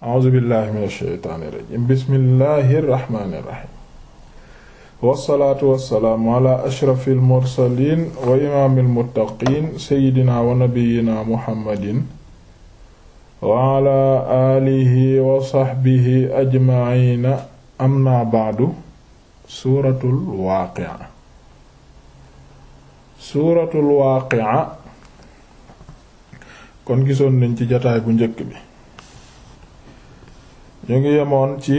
a'uuzu billahi mina shaytaani rajiim bismillahi rahmaani rahiim wassalaatu wassalaamu ala ashrafil mursaliin wa imaamil muttaqiin sayyidinaa wa nabiyyinaa muhammadin wa ala aalihi wa sahbihi ajma'iina ammaa ba'du suuratul waaqi'a suuratul waaqi'a kon gisoon nañ ci jotaay bu njëkk bi ñu ngi yemoon ci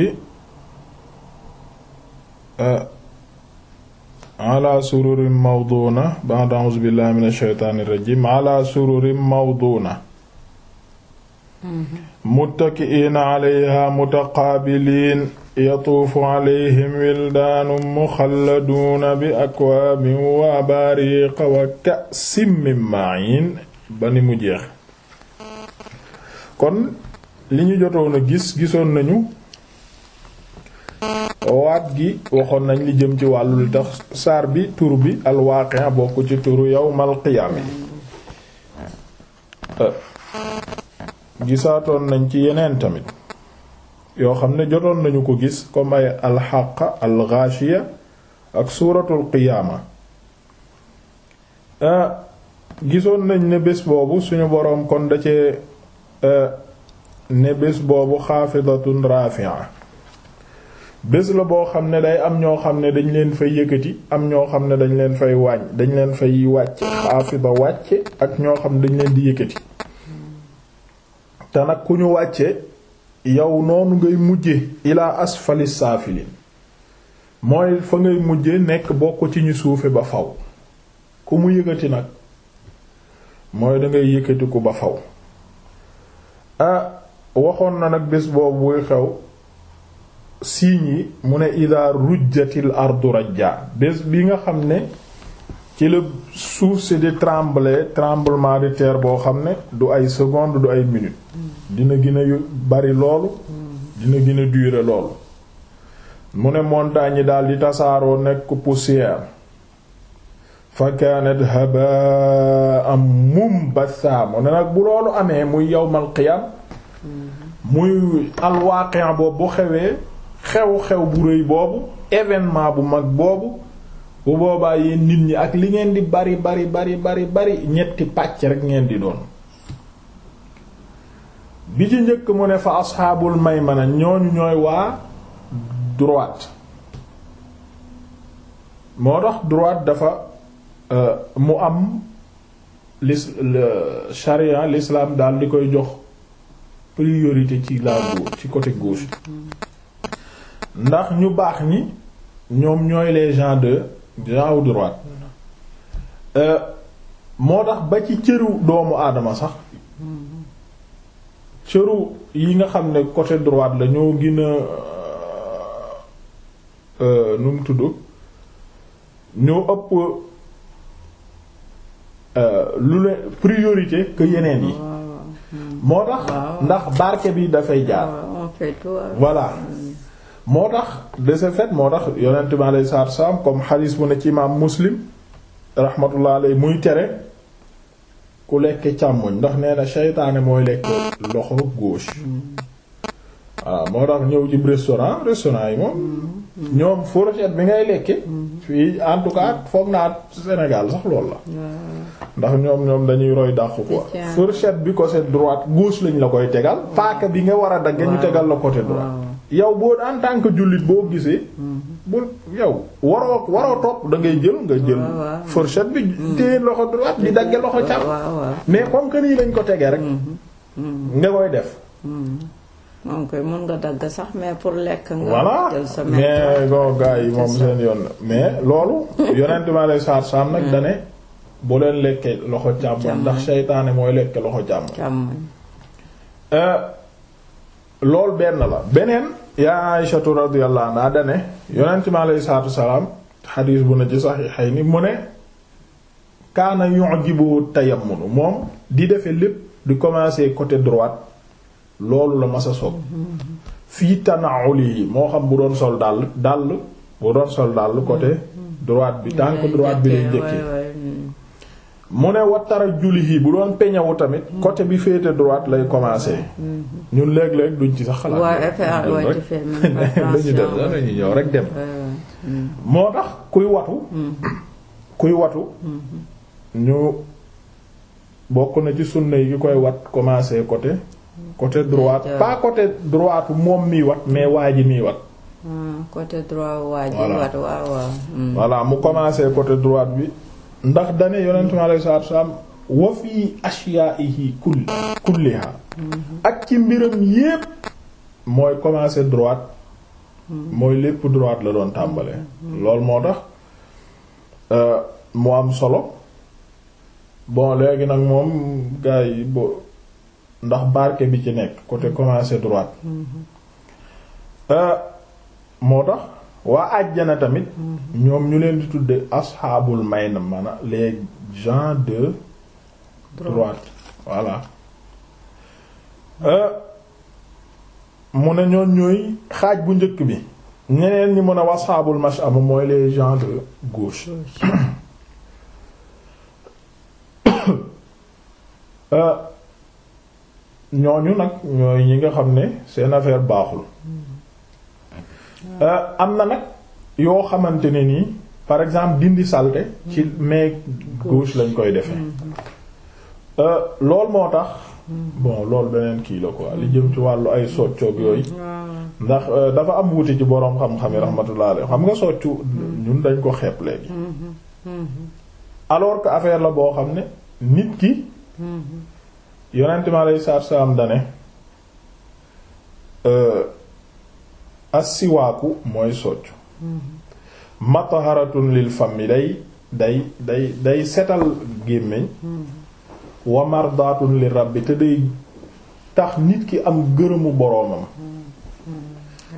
a sururin mawduna ba'da a'uuzu billahi minash shaytaanir rajiim ala sururin bi akwaabin wa wa ka'sin min ma'iin ba mu jeex li ñu jotoon a gis gisoon nañu waat gi waxoon nañ li jëm ci wàllu li tax saar bi tur bi alwaaqia bokk ci turu yawmal qiyaam yi euh, gisaatoon nañ ci yeneen tamit yoo xam ne jotoon nañu ko gis ko ay alxaqa alxaashiya ak suuratul qiyaama euh, gisoon nañ ne bés boobu suñu boroom kon da cee euh, ne bés boobu xaafidatun rafi'a bés la boo xam ne day am ñoo xam ne dañ leen fay yëkkati am ñoo xam ne dañ leen fay wàññ dañ leen fay wàcce xaafida wàcce ak ñoo xam ne dañ leen di yëkkati te nag ku ñu wàcce yow noonu ngay mujje ilaa asfali saafilin mooy fa ngay mujje nekk bokk ci ñu suufe ba faw ku mu yëkkati nag mooy dangay yëkkatiku ba faw ah, waxoon na nag bés boobu buy xew signes yi mu ne ida rujjatil ardu rajja bés bi nga xam ne ci la suuf si di trembler tremblement de terre boo xam ne du ay seconde du ay minute mm. dina gën a bari loolu mm. dina gina a durer loolu mu ne montagnes yi daal di tasaaroo nekk poussière fa kanat haba'an mumbatha mu ne nag bu loolu amee muy yawmal qiyam muy alwaaqi' boobu bu xewee xew-xew bu rëy boobu événement bu mag boobu bu boobaa yi nit ñi ak li ngeen di bari bari bari bari ñetti pàcc rek ngeen di doon bi ci njëkk mu ne fa asxaabul maymana ñooñu ñooy waa droite moo tax droite dafa euh, mu am lis charia l'islam daal di koy jox priorité ci la gauche ci côté gauche ndax ñu baax ni ñoom ñooy les gens de genre droite euh, moo tax ba ci cëru doomu aadama sax cëru yi nga xam ne côté droite la ñoo gën a euh, euh, nu mu tudd ñoo ëpp lu le priorité que yeneen yi. moo tax ndax barke bi dafay jaar voilà moo tax de ce fait moo tax yonent bi alayhi salaam comme xadiis bu ne ci imaam muslim rahmatullah alayhi muy tere ku lekk càmmoñ ndax nee na seytaane mooy lekk loxo gauche mm. waaw ah, moo tax ñëw ci restaurant restaurant yi moom. ñoom fourchette bi ngay lekke fii en tout cas foog naa Sénégal sax loolu la. ndax ñoom ñoom dañuy roy dàqu quoi. fourchette bi ko côté droite gauche lañu la koy tegal. paaka bi nga war a dagg ñu tegal la côté droite. yow boo daan tant que jullit boo gisee. Mm-hmm. bul yow waroo waroo topp da ngay jël nga jël. fourchette bi. Mm-hmm. téye loxo droite di dagge loxo càmm. mais comme que nii lañ ko tegee rek. Mm-hmm. nga koy def. moom koy mën nga dagg sax mais pour lekk. nga jël sa mais go gaa yi moom seen yoon mais loolu. yonent ma lay saar saam nag hmm. dane bu leen lekkee loxo càmmoñ ndax seytaane mooy lekk loxo càmmoñ. Euh, loolu benn la beneen. yaa Aysatu radiyallahu anha dane yonent ma lay saatu salaam xadiis bu ne ci saxiixayni mu ne. kaana yu'jibu tayammunu moom di defee lépp di commencer côté droite. loolu la masa sob fii tanauli yi moo xam bu doon sol dàll dàll bu doon sol dàll côté droite bi tànk mm-hmm. droite bi lay njëkkee mm-hmm. mu ne wattara julli yi bu doon peñawu tamit mm-hmm. côté bi féete droite lay commencer ñun léeg-léeg duñ ci sax xalaat ah, lañu dem rek dem mm. moo tax kuy watu kuy watu ñu bokk na ci sunna yi ki koy wat commencer côté côté droite pas côté droite moom miy wat mais waa ji miy wat. Hmm, côté droit waa ji wat waaw waaw. Hmm. voilà mu commencé côté droite bi ndax dane yonent mi alayhi salaatu salaam wa fi ashyaa'ihi kulli kulliha hmm. ak ci mbiram yépp mooy commencé droite. mooy lépp droite la doon tàmbale. loolu moo tax euh, mu am solo bon léegi nag moom gars yi bo. ndax barke bi ci nekk côté commencé droite mm-hmm. euh, moo tax waa àjjana tamit mm-hmm. ñoom ñu leen di tudde asxaabul na mana les gens de droite voilà euh, mu ne ñoon ñooy xaaj bu njëkk bi ñeneen ñi mën a wasxaabul mash'ama mooy les gens de gauche euh, ñooñu nag ñooy ñi nga xam ne seen affaire baaxul euh, am na nag yoo xamante ne nii par exemple dindi saleté ci main gauche lañ koy defee euh, lool moo tax bon loolu beneen kii la quoi li jëm ci wàllu ay soccoog yooyu ndax euh, dafa am wuti ci boroom xam-xam yi rahmatullah xam nga soccu ñun dañ ko xeeb léegi alors que affaire la boo xam ne nit ki yonent mi alayhi salaatu salaam dane assiwaaku mooy soccu matharatun lil fammi day day day day setal gémmiñ wa mardaatun li rabbi te day tax nit ki am gërëmu boroomam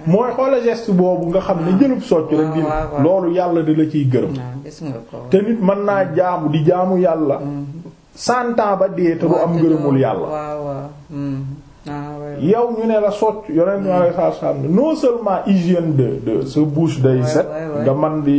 mooy xoola geste boobu nga xam ne jëlub socc rek dina ah, loolu yàlla di la ciy gërëm ah, te nit mën naa jaamu di jaamu yàlla mm. santan ba dee te du am ngërëmul yàlla hmm. ah, yow ñu ne la socc yoneen ñu alei saatu salaam ne non seulement hygiène de de sa bouche day set nga man di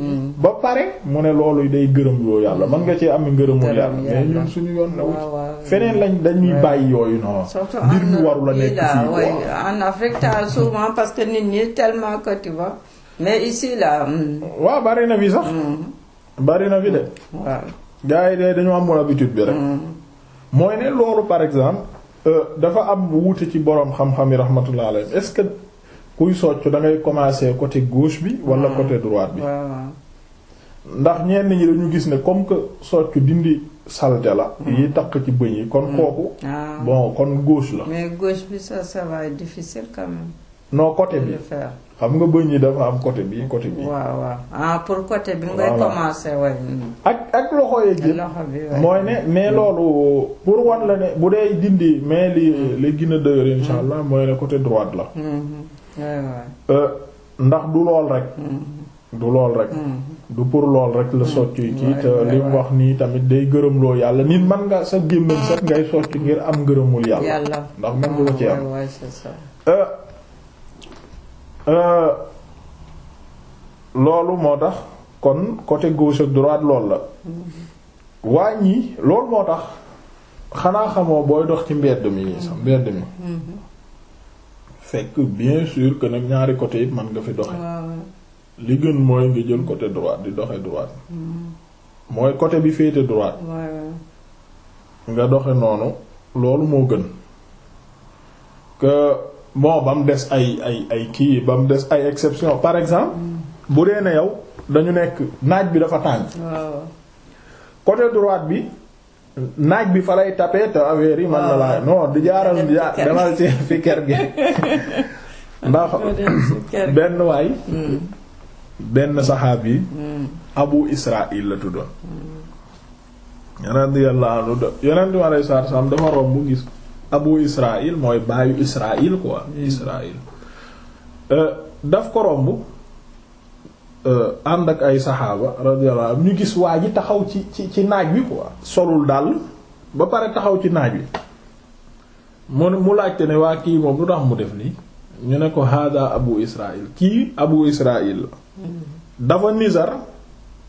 hmm. ba pare mu ne loolu day gërëm yoo yàlla mën nga cee am ngërëmul yàlla mais ñun suñu yoon na wut feneen lañ dañuy bàyyi yooyu noonu mbir mi waru nekk fii quoi en Afrique t'as souvent parce que nit ñi tellement que tu vois mais ici là hmm. waaw bari na fi sax bari na de waaw gars yi de dañoo amoon habitude bi rek. Mm. mooy ne loolu par exemple euh, dafa am wuute ci boroom xam-xam yi rahmatullah alayhi est-ce que kuy socc da ngay commencer côté gauche bi. wala mm. côté droite bi. ndax ñeen ñi dañu gis ne comme que socc dindi salte la. Mm. yi takk ci bëñ yi. kon kooku. Ah. bon kon gauche la. mais gauche bi ça ça va être difficile quand même. non côté bi xam nga bëñ yi dafa am côté bi côté bi. waaw waaw ah pour côté bi. ngay commencer waaye. ak ak loxo yi jël mooy ne mais mm. loolu pour wan la ne bu dee dindi mais li mm. li gin a dëgër mm. insha allah mooy ne côté droite la. Mm-hmm. Euh, ndax du lool rek. Mm-hmm. du lool rek. Mm-hmm. du pour lool rek la socc yi kii te li mu wax nii tamit day gërëmloo yàlla nit man nga sa gémmiñ sax ngay socc ngir am gërëmul yàlla. ndax man du la ci ah, am. Euh, loolu moo tax kon côté gauche ak lool loolu la wàññi loolu moo tax xanaa xamoo booy dox ci mbedd mi nii sax mbedd mi mm-hmm. fekk bien sûr que nag ñaari côté yëpp mën nga fi doxe li gën mooy nga jël côté droite di doxe droite mm-hmm. mooy côté bi féete droite nga doxe noonu loolu moo gën bon ba mu des ay ay ay kii ba mu des ay exception par exemple bu dee ne yow dañu nekk naaj bi dafa tàng côté droite bi naaj bi fa lay tapé te affaire yi man na laa non di jaaral demal ci fi ker gi ndax benn waay hmm. benn saxaab yi hmm. abu israil la tuddoon yonent yàlla lu d yonent mi alei saatu salaam dafa romb gis abu israil mooy baayu israil quoi hmm. israil euh, daf ko romb euh, ànd ak ay saxaaba radiyallahu anhu ñu gis waa ji taxaw ci ci naaj wi quoi solul dàll ba pare taxaw ci naaj wi mu mu laajte ne waa kii moom lu tax mu def nii ñu ne ko hada abu israil kii abu israil hmm. dafa nizar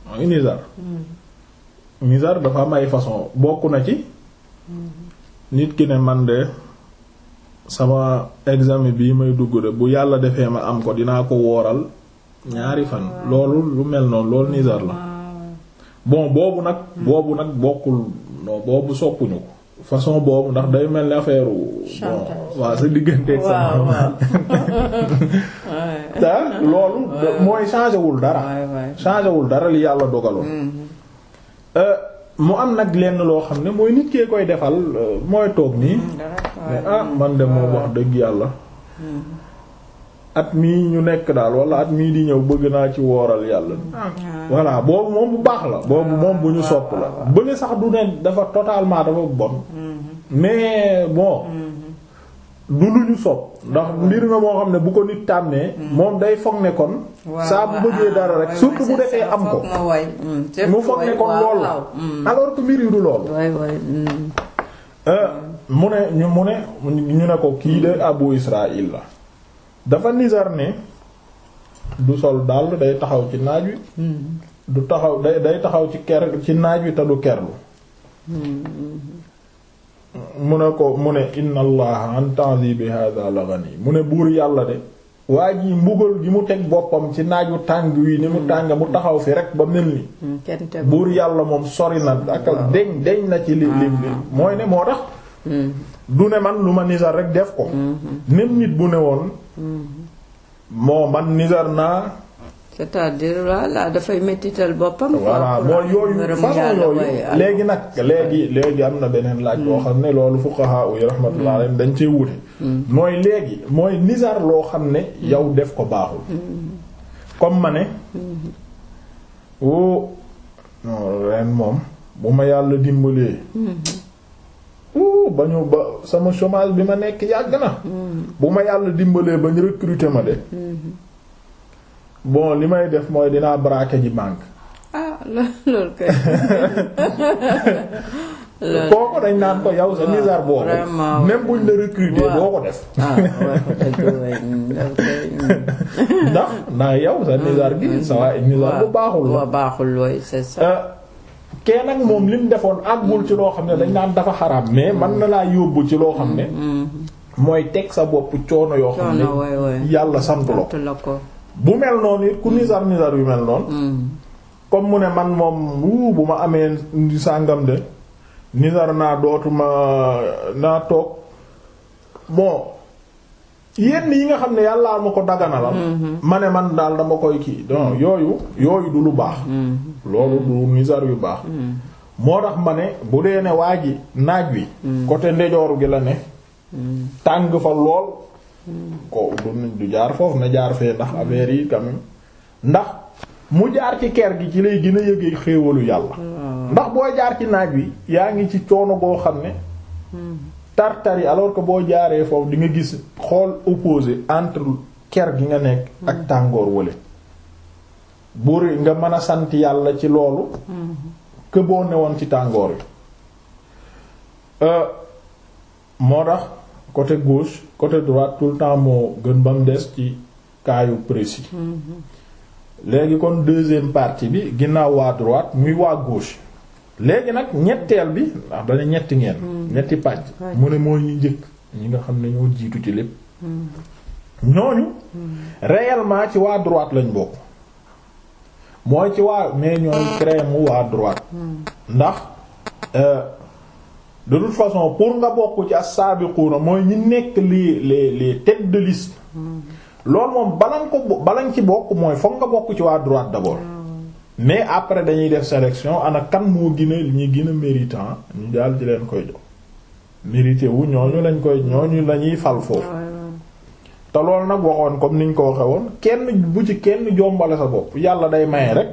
mooy hmm. dafa am façon bokk na ci nit ki ne man de sama examen bii may dugg de bu yàlla defee ma am ko dinaa ko wooral ñaari fan loolu lu mel noonu loolu nizar la bon boobu nag hmm. boobu nag bokkul non boobu soppuñu ko façon boobu ndax day mel ni affaire bon waa sa digganteeg sa ta loolu mooy changé wul dara changé wul dara li yàlla dogaloon hmm. euh, mu am nag lenn loo xam ne mooy nit kee koy defal euh, mooy toog nii mm, mais ah man dem moom wax dëgg yàlla mm. at mii ñu nekk daal wala at mii di ñëw bëgg naa ci wooral yàlla mm. ah. Ah. voilà boobu moom bu baax la boobu ah, moom bu ñu sopp la bële sax du ne dafa totalement dafa bon mm-hmm. mais bon du lu ñu sopp ndax mbir na moo xam ne bu ko nit tànnee mm. moom day foog ne kon saa bu dara rek surtout bu defee am ko mm, mu foog ne kon lool la mm. alors que mbir du lool euh, mu ne ñu mu ne ñu ne ko kii de abu israil la dafa nizar ne du sol dàll day taxaw ci naaj wi du taxaw day day taxaw ci ker ci naaj wi te du kerlu mu ne ko mu ne inna allaha an ta'dhibi hadha la ghani mu ne buur yàlla de waa jii mbugal gi mu teg boppam ci naaju tàng wi ni mu mm. tàng mu taxaw fi rek ba mel ni mm, buur yàlla moom sori na akal deñ deñ na ci li li ah. mooy ne moo tax mm. du ne man lu ma nisar rek def ko même mm-hmm. nit bu ne woon mm-hmm. moo man nisar naa c'est-à-dire voilà dafay méttital boppam. voilà bon yooyu façon yooyu léegi nag léegi léegi am na beneen laaj. boo xam ne loolu fuqaha yi rahmatullah mm. alayhim dañ cee wute. Mm. mooy léegi mooy nizar loo xam ne. Mm. yow def ko baaxul. comme ma ne. Mm-hmm. woo ren moom bu ma yàlla dimbalee. Mm-hmm. wuu ba ñu ba sama chômage bi ma nekk yàgg na. bu ma yàlla dimbalee ba ñu recruter ma de. Mm-hmm. bon li may def mooy dinaa braquer ji banque. ah loolu dañ naan ko yow sa misère boobu même buñ la recruter boo ko def ah, ndax naa yow sa misère gi sa waaye misère bu baaxul la baaxul looy c'est ça euh, kenn ak moom lim defoon àggul ci loo xam ne dañ naan dafa xaraam mais man mm-hmm. na laa yóbbu ci loo xam ne mm-hmm. mooy teg sa bopp coono yoo xam ne yàlla sant la ko bu mel noonu it ku nisar nisar yu mel noonu hmm. comme mu ne man moom wuu bu ma amee sàngam de nisar naa dootuma euh, naa toog bon yenn yi nga xam ne yàllaa ma ko daganalal hmm. ma ne man daal dama koy kii donc yooyu yooyu du lu baax hmm. loolu du nisar yu baax moo tax ma ne bu dee ne waa yi naaj wi côté ndejooru gi la ne tàng fa lool ko du jaar foofu na jaar fee ndax affaire yi quand ndax mu jaar ci ker gi ci lay gën a yëgee xéewalu yàlla ah. ndax boo jaar ci naaj wi yaa ngi ci coono goo xam ne hmm. tartar yi alors que boo jaaree foofu di nga gis xool opposé entre ker gi nga nekk ak hmm. tàngoor wala buur nga mën a sant yàlla ci loolu hmm. que boo newoon ci tàngoor yi euh, moo tax côté gauche côté droite tout le temps moo gën ba mu des ci kaayu précis léegi kon deuxième partie bi ginnaaw waa droite muy waa gauche léegi nag ñetteel bi ndax dana ñetti ngeen hmm. ñetti pàcc mu ne moo ñu njëkk ñi nga xam ne ñoo jiitu ci lépp hmm. ñooñu hmm. réellement ci waa droite lañ bokk mooy ci waa mais ñooy crème waa droite ndax euh, de toute façon pour nga bokk ci as-sabiquna mooy ñi nekk les les les têtes de liste loolu moom balañ ko balañ ci bokk mooy fokk nga bokk ci waa droite d'abord mais après dañuy def sélection ana kan moo gën a ñi gën a méritant ñu daal di leen koy jox mérité wu ñooñu lañ koy ñooñu lañuy fal foofu te loolu nag waxoon comme ni ñu ko waxe woon kenn bu ci kenn jombale sa bopp yàlla day maye rek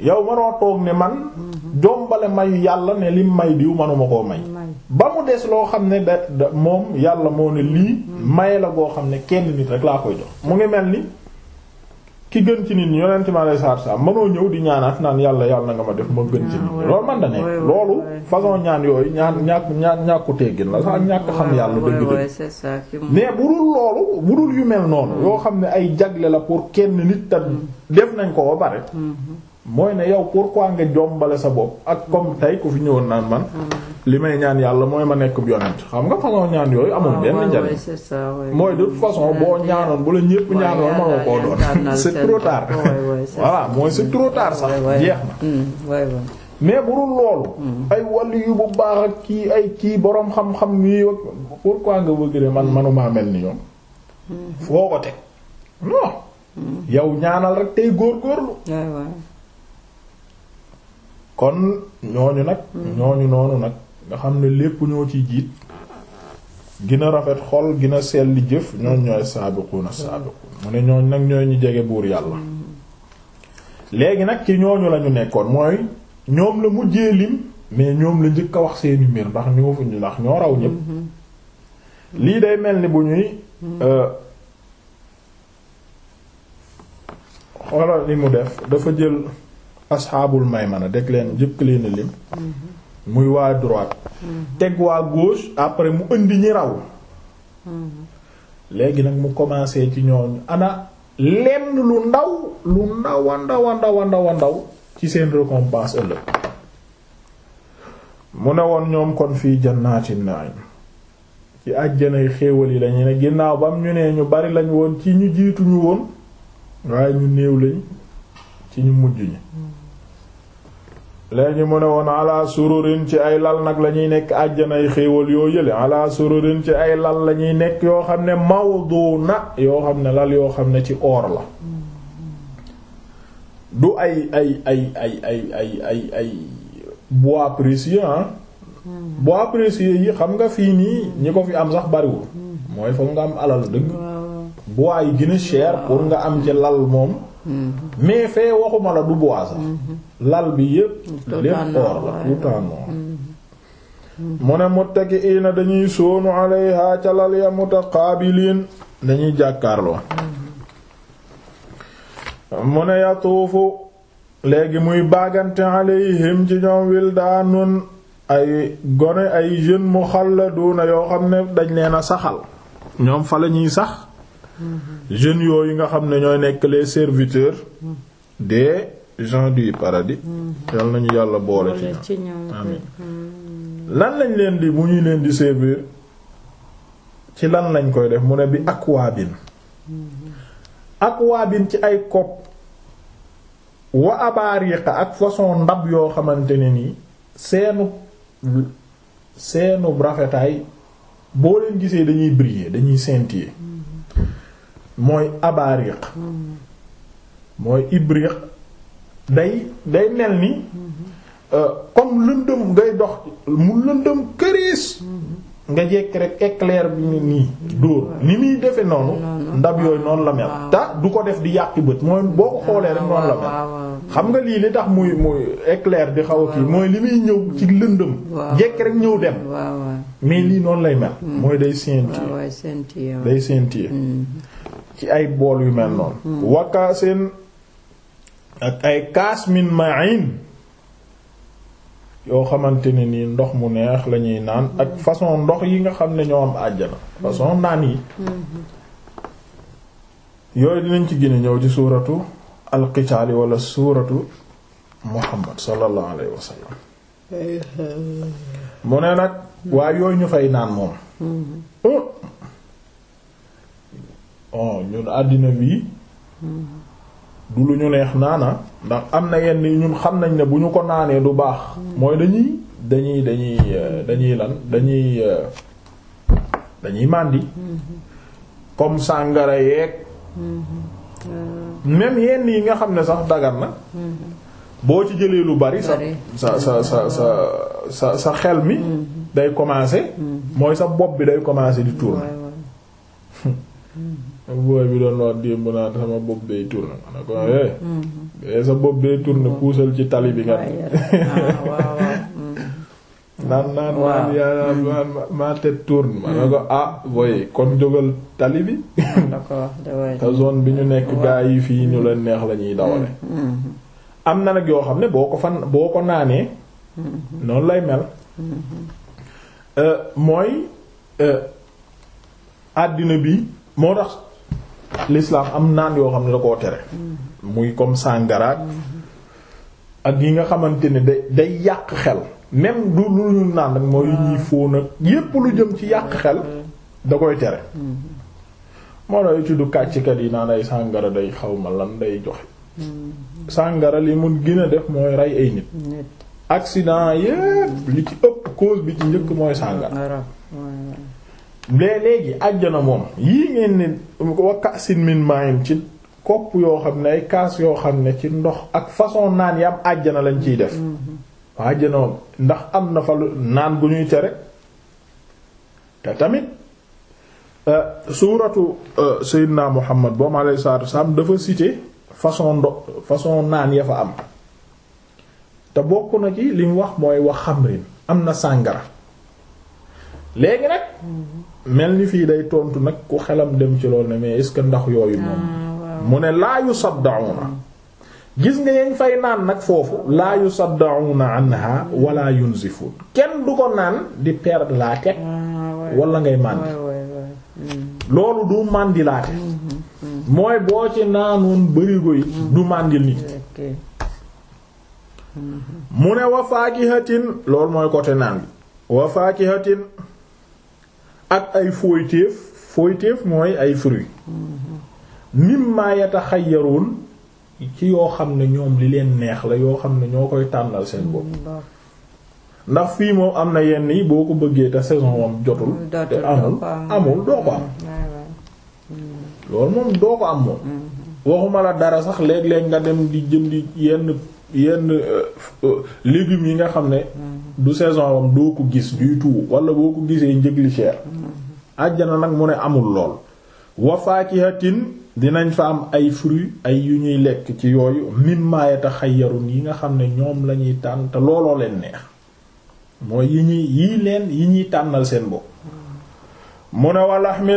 yow manoo toog ne man jombale mayu yàlla ne lim may diw manuma koo may ba mu des loo xam ne da da moom yàlla moo ne lii maye la goo xam ne kenn nit rek laa koy jox mu ngi mel ni ki gën ci nit ñi yonent ma lay saar saar manoo ñëw di ñaanaat naan yàlla yàlla nga ma def ma gën ci nit ñi ah, man da loolu façon ñaan yooyu ñaan ñàkk ñaan ñàkku teggin la sax ñàkk xam ah, yàlla dëgg-dëgg mais bu dul loolu bu dul yu mel noonu mm. yoo xam ne ay jagle la pour kenn nit ta def nañ ko ba bare mm-hmm. mooy ne yow pourquoi nga jombale sa bopp ak comme tey ku fi ñëwoon naan man mm. li may ñaan yàlla mooy ma nekk yonent xam nga façon ñaan yooyu amul ah, benn njariñ mooy de toute façon mm. boo ñaanoon bu la ñépp ñaanoon mënoo koo doon c'est trop mais bu dul loolu mm. bu baax ak ay kii boroom xam-xam man manuma mel ni ñoom foo ko teg non yow ñaanal rek tey góorgóorlu kon ñooñu nag mm. ñooñu noonu nag nga xam ne lépp ñoo ci jiit gina rafet xol gina selli jëf ñooñ ñooy saabiquuna saabiquun mu ne ñooñ nag ñoo ñu jege buur yàlla mm. léegi nag ci ñooñu lañu nekkoon mooy ñoom la mujjee lim mais ñoom la njëkk a wax seeni mbir ndax ñoo fu ndax ñoo raw ñëpp mm-hmm. Mm-hmm. lii day mel ni bu ñuy mm-hmm. euh, xoolal li mu def dafa jël asxaabul maymana deg leen jëkk leen a lim mm-hmm. muy waa droit mm-hmm. teg waa gauche après mu indi ñi raw mm-hmm. léegi nag mu commencé ci ñoom ana lenn lu ndaw lu ndaw a ndaw a ndaw a ndaw ci seen récompense ëllëg mu ne woon ñoom kon fii naa na'im ci àjjanay xéewal yi lañu ne ginnaaw bam ñu nee ñu bari lañ woon ci ñu jiituñu woon waaye ñu néew lañ ci ñu mujj ñi léegi mu ne woon ala sururin ci ay lal nag la ñuy nekk àjjanay xéewal yoo yële ala sururin ci ay lal la ñuy nekk yoo xam ne mawdu na yoo xam ne lal yoo xam ne ci oor la du ay ay ay ay ay ay ay ay bois précieux ah hmm. bois précieux yi xam nga fii nii ñi ko fi am sax bariwul hmm. mooy foog nga am alal dëgg bois yi gën cher pour nga am ci lal moom mais fee waxuma la du bois lal bi yépp lépp or la tout en noir mm-hmm. mu ne muttaki'ina dañuy sóonu alayha ca lal ya mutaqaabiliin dañuy jàkkaarloo mm-hmm. mu ne yatuufu léegi muy baagante alayhim ci ñoom wildaanun ay gone ay jeunes muxalladuuna yoo xam ne dañ leen a saxal ñoom fa lañuy sax jeunes yooyu nga xam ne ñooy nekk les serviteurs des gens du paradis yal nañu yàlla boole ci ñoom lan lañ leen di mu ñuy leen di servir ci lan lañ koy def mu ne bi waa akwaabin ci ay kopp wa abaariqa ak façon ndab yoo xamante ne nii seenu seenu rafetaay boo leen gisee dañuy briller dañuy scintiller mooy abaariq mooy ibriq day day mel ni euh, comme lëndëm ngay dox mu lëndëm këriis nga jekk rek éclair bi ñu nii dóor ni muy defe noonu ndab yooyu noonu la mel te du ko def di yàqi bët mooy boo ko xoolee rek noonu la mel xam nga lii li tax muy muy éclair di xaw a kii mooy li muy ñëw ci lëndëm jekk rek ñëw dem mais lii noonu lay mel mm. mooy day scintiller day scintiller mm. ci ay bool yu mel noonu mm. wakaasin ak ay kaas min ma'in yoo xamante ne nii ndox mu neex la ñuy naan ak façon ndox yi nga xam ne ñoo am àjjana façon naan yi yooyu dinañ ci gën a ñëw ci suuratu alqitaali wala suuratu muhammad sallallahu alayhi wa sallam mu ne nag waaye yooyu ñu fay naan moom mm-hmm. oh ñun àddina bii du lu ñu neex naana ndax am na yenn ñun xam nañ ne bu ñu ko naanee du baax mooy dañuy dañuy dañuy euh, dañuy lan dañuy euh, dañuy màndi comme sàngara yeeg même yenn yi nga xam ne sax dagan na boo ci jëlee lu bari sa sa sa sa sa sa sa xel mi day commencer mm-hmm. mooy sa bopp bi day commencer di tourner booy bi doon wax démb naa sama bopp day tourné ma ne ko eh. mais eh, sa bopp day tourné puusal ci tali bi nga. naan naan maan yaa ma tête tourne ma ne ko ah voye kon jógal tali bi te zone bi ñu nekk gaa yi fii ñu leen neex la ñuy dawale mm, mm. am na nag yoo xam ne boo ko fan boo ko naanee mm-hmm. noonu lay mel mm-hmm. euh, mooy euh, àddina bi moo tax l'islam am naan yoo xam ne da koo tere muy comme sàngara ak yi nga xamante ne day day yàq xel même du lu ñu naan rek mooy ah. ñuy fóon ak yépp lu jëm ci yàq xel da koy tere mm-hmm. moo day tudd kàcckat yi naan ay sàngara day xaw ma lan day joxe mm-hmm. sàngara li mun gën a def mooy rey ay nit accident yépp li ci ëpp cause bi ci njëkk mooy sàngara mais léegi àjjana moom yii ngeen ne wa kaasin min ma'in ci kopp yoo xam ne ay kaas yoo xam ne ci ndox ak façon naan yam àjjana lañ ciy def waa mm-hmm. àjjana moom ndax am na fa naan bu ñuy tere te tamit euh, suuratu euh, Seydina Muhammad boom alayhi salaatu wasallam dafa cité façon ndox façon naan ya fa am te bokk na ci li wax mooy wax xamrin am na sàngara léegi nag mel ni fii day tontu nag ku xelam dem ci lool ne mais est-ce que ndax yooyu moom ah, mu ne laa yusaddauna gis nga yañ fay naan nag foofu laa yusaddauna anha wala yunzifun kenn du ko naan di perdre la tête ah, wala ngay màndi hmm. loolu du màndilaate hmm, hmm, mooy boo ci naanoon bërigo yi du màndil nit mu ne wa faakihatin loolu mooy côté naan bi wa faakihatin ak ay fooyteef fooyteef mooy ay fruit mimma yataxayyaruun ci yoo xam ne ñoom li leen neex la yoo xam ne ñoo koy tànnal seen bopp mm, ndax fii moom am na yenn yi boo ko bëggee te saison moom jotul mm, te amul mm, amul doo ko am loolu moom doo ko am moom mm-hmm. waxuma la dara sax léeg-léeg nga dem di jëndi yenn yenn euh, euh, légumes yi nga xam ne mm-hmm. du saison am doo ko gis du tout wala boo ko gisee njëg li cher mm-hmm. àjjana nag mu ne amul lool wa faakihatin dinañ fa am ay fruits ay yu ñuy lekk ci yooyu mimma yataxayyarun yi nga xam ne ñoom lañuy ñuy tànn te looloo leen neex mooy yi ñuy yii leen yi ñuy tànnal seen bopp mm-hmm. mu ne wa lahmi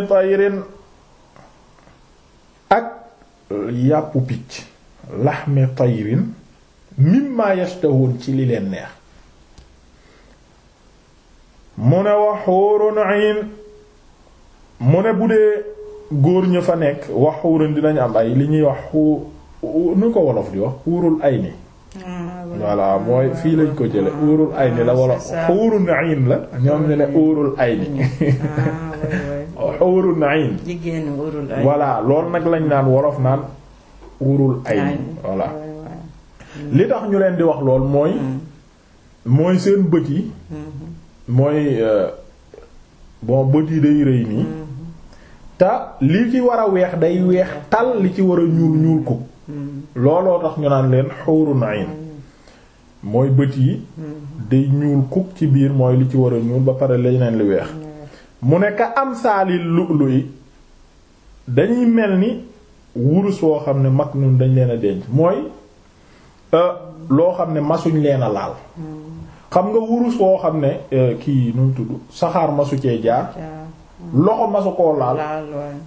ak yàppu picc lahmi mimma yashtahun ci li leen neex mu ne wa hurun ayn mu ne bu dee góor ñu fa nekk wa hurun dinañ am ay li ñuy wax nu ko wolof di wax hurul ayni ah, voilà mooy fii lañ ko jële hurul ayni la wala hurun ayn la ñoom ñu ne hurul ayni ah, nag lañ naan wolof naan hurul ayni voilà li tax ñu leen di wax lool mooy mooy seen bët yi mooy euh, bon bët yi day rëy nii te li ci war a weex day weex tal li ci war a ñuul ñuul ko looloo tax ñu naan leen hurun ayn mooy bët yi day ñuul kuk ci biir mooy li ci war a ñuul ba pare leneen li weex mu ne ka am saali lu'lu'i dañuy mel ni wurus woo xam ne mag ñun dañ leen a denc mooy Euh, loo xam ne masuñ leen a laal xam nga wurus woo xam ne euh, kii nu mu tudd saxaar masu cee jaar mm. loxo masu koo laal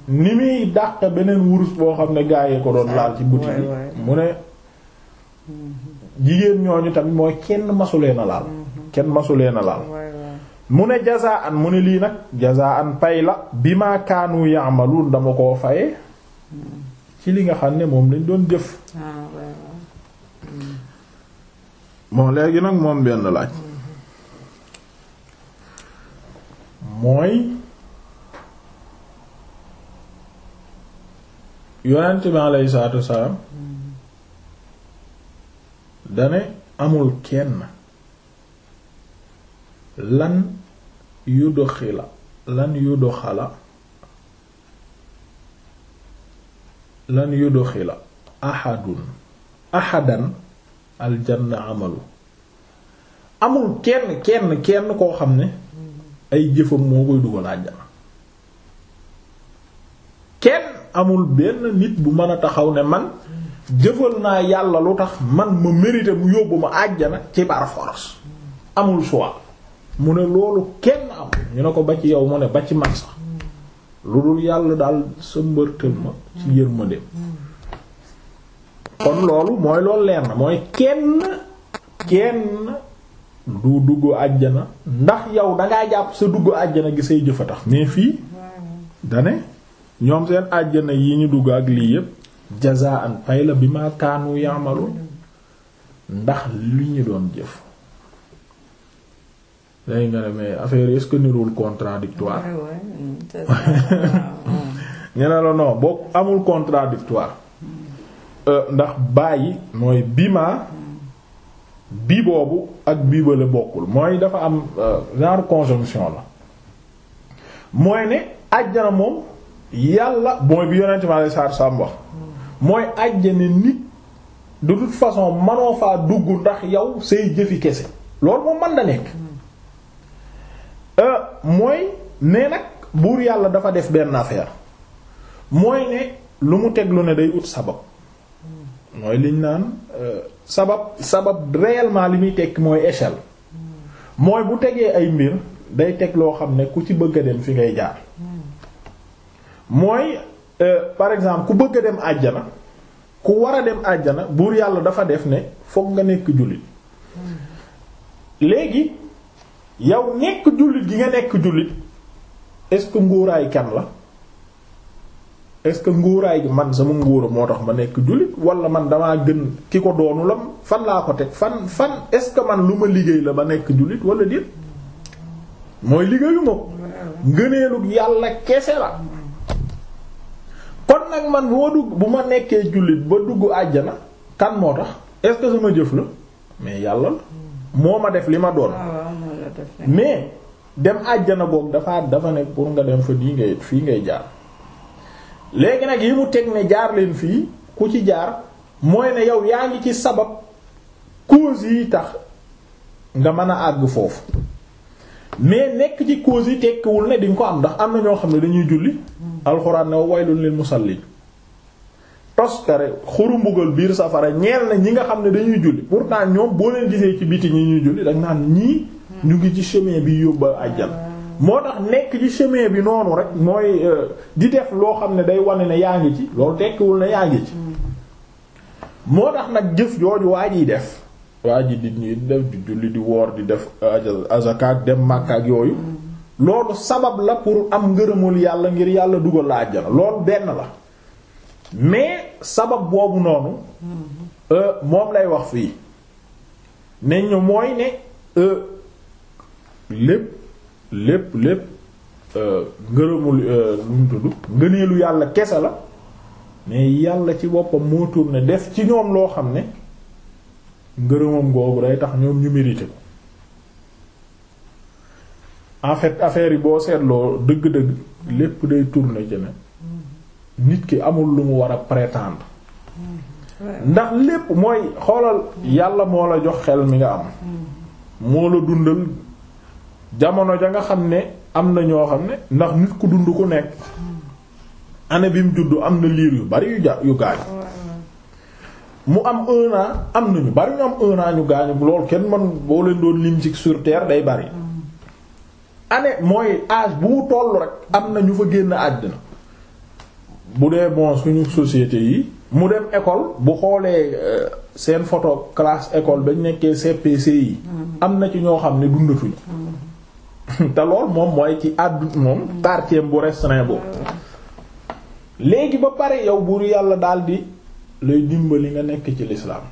ni muy dàq beneen wurus boo xam ne gaa ko doon laal ci buti yi mu ne jigéen ñooñu tamit mooy kenn masu leen a laal mm-hmm. kenn masu leen a laal mu ne jazaan mu ne lii nag jazaan pay la bi ma kaanu ya'malun dama koo faye mm. ci li nga xam ne moom lañ doon jëf ah, moom léegi nag moom benn laaj mooy yonent bi alayhi salaatu wassalaam dane amul kenn lan yu lan yu doxala lan yu doxila ahadun ahadan aljanna amalu amul kenn kenn kenn koo xam ne ay jëfam moo koy dugal àjjana kenn amul benn nit bu mën a taxaw ne man jëfal naa yàlla lu tax man ma mérité mu yóbbu ma àjjana ci par amul choix mu ne loolu kenn am ñu ne ko ba ci yow mu ne ba ci man sax lu dul yàlla daal sa mbërtël ma ci yërmandeem kon loolu mooy loolu leer na mooy kenn kenn du dugg àjjana ndax yow dangaa jàpp sa dugg àjjana gi say jëf a tax fii dane ñoom seen àjjana yi ñu dugg ak lii yépp jazaan pay la bi ma kaanu yaamalu ndax li ñu doon jëf léegi nga ne mais affaire est-ce que nirul contradictoire ñu mm, ne la non boo amul contradictoire Euh, ndax bàyyi mooy bima bii boobu ak bii bale bokkul mooy dafa am euh, genre conjonction la mooy ne àjjana moom yàlla mooy bi yonente ma lay saar sam wax mooy àjjana nit du toute façon manoo faa dugg ndax yow say jëfi kese loolu moom mën da nekk euh, mooy ne nag buur yàlla dafa def benn affaire mooy ne lu mu teglu ne day ut sabab mooy liñ naan euh, sabab sabab réellement li muy tekki mooy échelle mooy bu tegee ay mbir day teg loo xam ne ku ci bëgg a dem fi ngay jaar mooy euh, par exemple ku bëgg a dem àjjana ku war a dem àjjana buur yàlla dafa def ne fokk nga nekk jullit léegi yow nekk jullit gi nga nekk jullit est-ce que nguuraayu kan la est-ce que nguuraay gi man sama nguura moo tax ma nekk jullit wala man damaa gën ki ko doonu la fan laa ko teg fan fan est-ce que man lu ma liggéey la ba nekk jullit wala déet mooy liggéeyu ko ngëneelug yàlla kese la kon nag man boo dugg bu ma nekkee jullit ba dugg àjjana kan moo tax est sama jëf la mais yàlla la moo ma def li ma doon ah, mais dem àjjana boog dafa dafa nekk pour nga dem fa di ngay fii ngay jaar léegi nag yi mu teg ne jaar leen fii ku ci jaar mooy ne yow yaa ngi ci sabab cause yi tax nga mën a àgg foofu mais nekk ci cause yi tekkiwul ne di nga ko am ndax am na ñoo xam ne dañuy julli alxuraan ne waylun lil musallin toskare xuru mbugal biir safara ñeel na ñi nga xam ne dañuy julli pourtant ñoom boo leen gisee ci biti ñi ñuy julli dañ naan ñii ñu ngi ci chemin bi yóbba àjjal moo tax nekk ci chemin bi noonu rek mooy euh, di def loo xam ne day wane ne yaa ngi ci loolu tekkiwul ne yaa ngi ci moo tax nag jëf jooju waa jiy def waa ji di ñuy def di julli di woor di def azakaak euh, dem Makka ak yooyu loolu sabab la pour am ngërëmul yàlla ngir yàlla dugal la àjjana loolu benn la mais sabab boobu noonu euh, moom lay wax fii ne ñu mooy ne lépp lépp lépp euh, ngërëmul lu euh, mu tudd ngëneelu yàlla kese la mais yàlla ci boppam moo tourné def ci ñoom loo xam ne ngërëmam googu day tax ñoom ñu mérité ko en fait affaire yi boo seetloo dëgg-dëgg lépp day tourné ci ne nit ki amul lu mu war a prétendre ndax lépp mooy xoolal yàlla moo la jox xel mi nga am moo la dundal jamono ja nga xam ne am na ñoo xam ne ndax nit ku dund ku nekk année bi mu juddu am na liir yu bari yu ja yu gaañu mu am un an am nañu bari ñu am un an ñu gaañu lool kenn man boo leen doon lim ci sur terre day bari année mooy âge bu mu toll rek am na ñu fa génn àdduna bu dee bon suñu société yi mu dem école bu xoolee euh, seen photo classe école bañ nekkee CPC yi mm-hmm. am na ci ñoo xam ne dundatuñu mm-hmm. te lool moom mooy ci àddu moom quartier bu restreint boobu léegi ba pare yow buur yàlla daldi lay dimbali nga nekk ci lislaam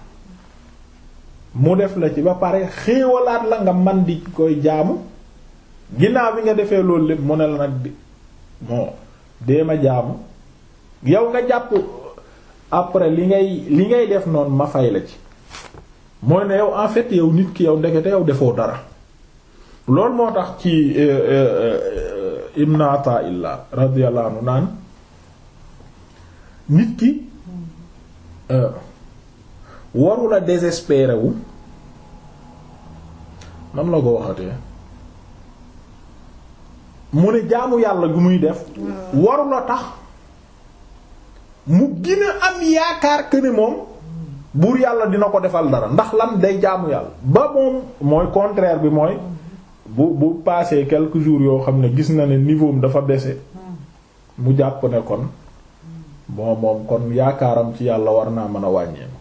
mu def la ci ba pare xéewalaat la nga man di koy jaamu ginnaaw bi nga defee loolu lépp mu ne la nag bi moo dee ma jaamu yow nga jàpp après li ngay li ngay def noonu ma fay la ci mooy ne yow en fait yow nit ki yow ndekete yow defoo dara loolu moo tax ci euh, euh, euh, Ibn Ata'illah radiyallahu anhu naan nit ki warula désespéré wu man la ko waxatee mu ne jaamu yàlla gu muy def hmm. warula tax mu gën am yaakaar que ne moom buur yàlla dina ko defal dara ndax lan day jaamu yàlla ba moom mooy contraire bi mooy bu bu passé quelques jour yoo xam ne gis na ne niveau dafa dese mu jàpp ne kon bon moom kon yaakaaram ci yàlla war naa mën a wàññeeku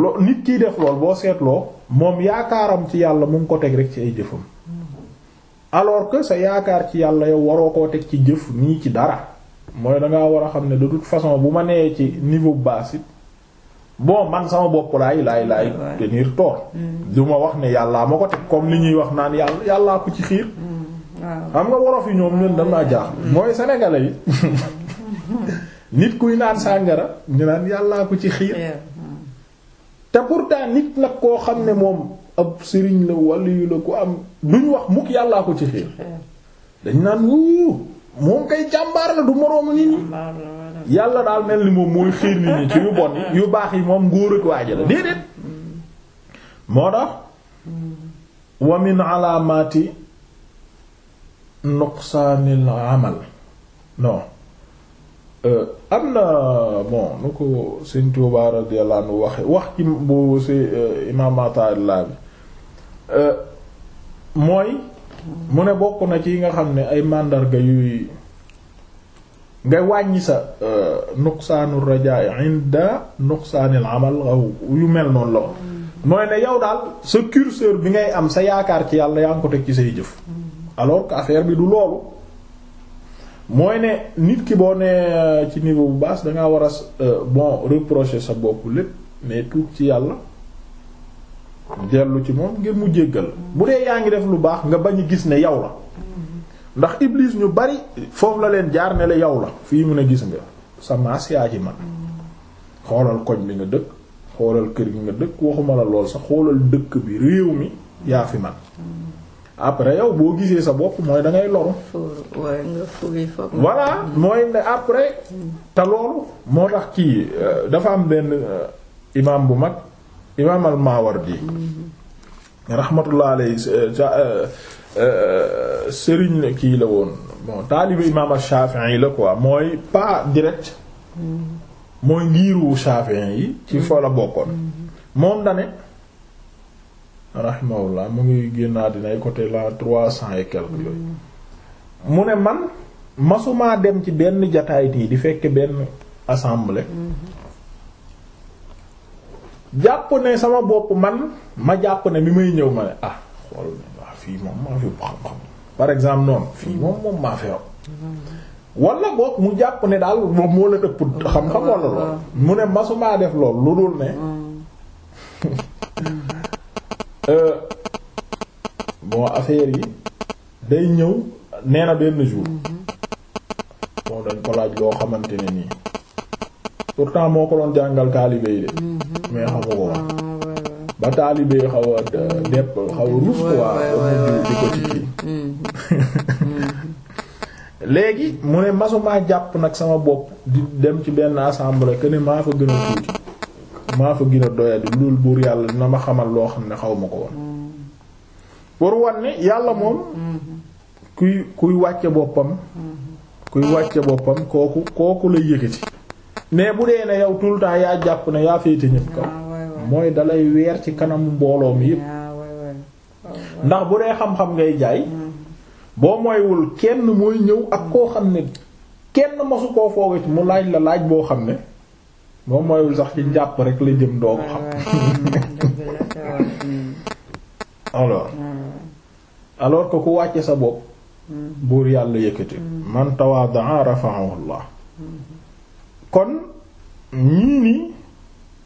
loo nit kiy def lool boo seetloo moom yaakaaram ci yàlla mu ngi ko teg rek ci ay jëfam alors que sa yaakaar ci yàlla yow waroo koo teg ci jëf nii ci dara mooy danga war a xam ne de façon bu ma nee ci niveau basse bon man sama bopp laay laay laay tenir tort mm. du ma wax ne yàllaa ma ko teg comme li ñuy wax naan yàlla yàllaa ko ci xiir mm. xam nga worof yi ñoom dama danaa jaax mm. mooy sénégalais yi nit kuy naan sàngara ñu naan yàllaa ko ci xiir te pourtant nit nag koo xam ne moom ab sëriñ la waliyu la ku am duñ wax mukk yàllaa ko ci xiir dañ naan wuu moom kay jàmbaar la du moroomu nit ñi yàlla daal mel ni moom mooy xiir nit ñi ci yu bon yu baax yi moom ngóor ak waaja la déedéet moo tax wa min alaamati nuqsaanil amal non euh, am na bon nu ko sëñ Tuubaa radiyallahu anhu waxe wax ci bu si euh, imaam bi euh, mooy mu ne bokk na ci nga xam ne ay màndarga yuy ngay wàññi sa euh, nuqsaanu rajaa inda nuqsaanil amal yu mel noonu la mm. mooy ne yow daal sa curseur bi ngay am sa yaakaar ci yàlla yaa ngi ko teg ci say jëf mm. alors que affaire bi du loolu mooy ne nit ki boo ne euh, ci niveau bu baas dangaa war a euh, bon reprocher sa bopp lépp mais tuub ci yàlla dellu ci moom ngir mu jéggal mm. bu dee yaa ngi def lu baax nga bañ gis ne yow la ndax iblis ñu bari foofu la leen jaar ne la yow la fii mun a gis nga sa maas yaa ci man xoolal koñ bi nga dëkk xoolal kër gi nga dëkk waxuma la lool sax xoolal dëkk bi réew mi yaa fi man après yow boo gisee sa bopp mooy da ngay loru. voilà mooy ne après. te loolu moo tax kii euh, dafa am benn euh, imaam bu mag imaam al-Mawardi mm-hmm. rahmatullah alayhi euh, sëriñ kii la woon bon taalibe imaam Shafi'i yi la quoi mooy pas direct mooy ngiiru Shafi'i yi ci foo la bokkoon moom dane rahimahullah mu ngi génnaa dinay côté la trois cent et quelque yooyu mu ne man masumaa dem ci benn jataay tii di fekk benn assemblée jàpp ne sama bopp man ma jàpp ne bi may ñëw ma ne ah fii moom maa fi xam-xam par exemple noonu fii moom mm. moom maa fi mm. wala boog mu jàpp ne daal moom moo la ëpp mm. xam-xam wala lool mu ne masumaa def lool lu dul ne euh, bon affaire yi day ñëw nee benn jour mm-hmm. bon dañ ko laaj loo xamante ne nii pourtant moo ko doon jàngal taalibe yi de mm-hmm. mais xamu ko woon ba taalibe xaw a euh, depp xaw a ruus quoi ko ci kii mm-hmm. léegi mu ne masumaa jàpp nag sama bopp di dem ci benn assemblée que ne maa fa gën a tuuti maa fa gën a doyadi loolu buur yàlla dina ma xamal loo xam ne xaw ma ko woon mm-hmm. pour wan yàlla moom mm-hmm. kuy kuy wàcce boppam kuy wàcce boppam kooku kooku la yëkkati mais bu dee ne yow tout le temps yaa jàpp ne yaa féete ñépp kaw mooy dalay weer ci kanamu mbooloo mi yépp ndax bu dee xam-xam ngay jaay mm. boo mooywul kenn mooy ñëw ak koo xam ne kenn masu koo fooga mu laaj la laaj boo xam ne boo mooywul sax ci njàpp rek la jëm doogu xam mm, alors alors que ku wàcce sa bopp mm. buur yàlla yëkkati man tawadaa rafa'ahu Allah kon ñii nii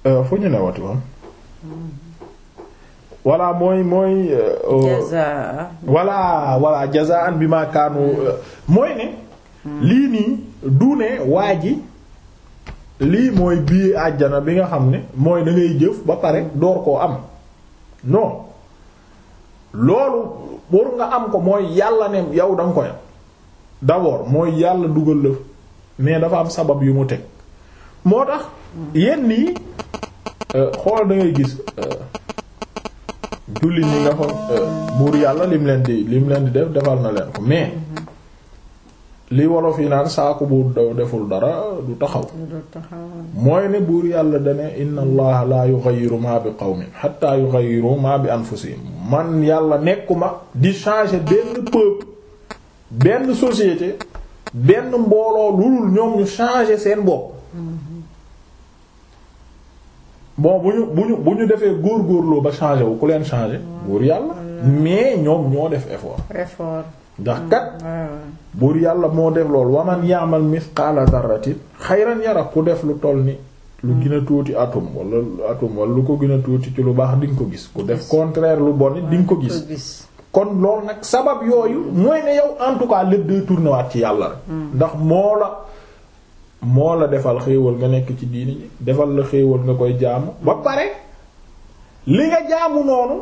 euh, fu ñu newati woon voilà mooy mooy. Euh, jazaa. voilà voilà jazaan bi ma kaanu. Euh, mooy ne. lii nii du ne waa ji lii mooy bii àjjana bi nga xam ne mooy da jëf ba pare door koo am non loolu pour nga am ko mooy yàlla ne yow da nga koy am mooy yàlla dugal la mais dafa am sabab yu mu teg moo tax yenn yi. Euh, xool da ngay gis euh, julli ñi nga xam euh, buur yàlla lim leen di lim leen di def defal na leen ko mais mhm. li wolof yi naan saako bu daw deful dara du taxaw mooy ne buur yàlla dane inna allaha la yughayyiru ma bi qawmin hatta yughayyiru ma bi anfusihim man yàlla nekkuma di changer benn peuple benn société benn mbooloo lulul ñoom ñu changer seen bopp mhm. bon bu ñu bu ñu bu ñu defee góorgóorloo ba changé wu ku leen changé buur yàlla mais ñoom ñoo def effort. effort ndax mm. kat. buur yàlla moo def yaamal waman ya'mal mithqala dharratin xayran yara ku def lu toll ni lu gën a mm. tuuti atum wala atum wala lu ko gën tuuti ci lu baax di nga ko gis. ku def contraire lu bon di nga ko gis. kon loolu nag sabab yooyu mooy ne yow en tout cas lépp day tourner ci yàlla rek. Mm. ndax moo la. moo la defal xéewal nga nekk ci diini ji defal la xéewal nga koy jaamu ba pare li nga jaamu noonu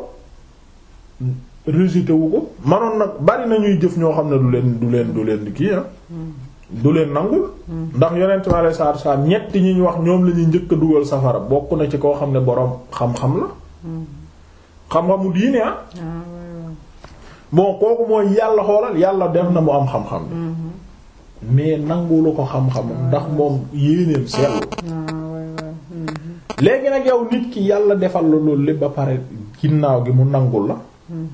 rejeté wu ko manoon nag bari na ñuy jëf ñoo xam ne du leen du leen du leen kii ah. hmm. du leen nangul hmm. ndax yonent mi alei salatu salaam ñett ñu wax ñoom la ñuy njëkk dugal safara bokk na ci koo xam ne boroom xam-xam la hmm. xam-xamu diine ah, ah bon kooku mooy yàlla xoolal yàlla def na mu am xam-xam mais nangulu ko xam-xamam ndax moom yéeneem seetlu ah, léegi nag yow nit ki yàlla defal la loolu lépp ba pare ginnaaw gi mu nangul la hmm.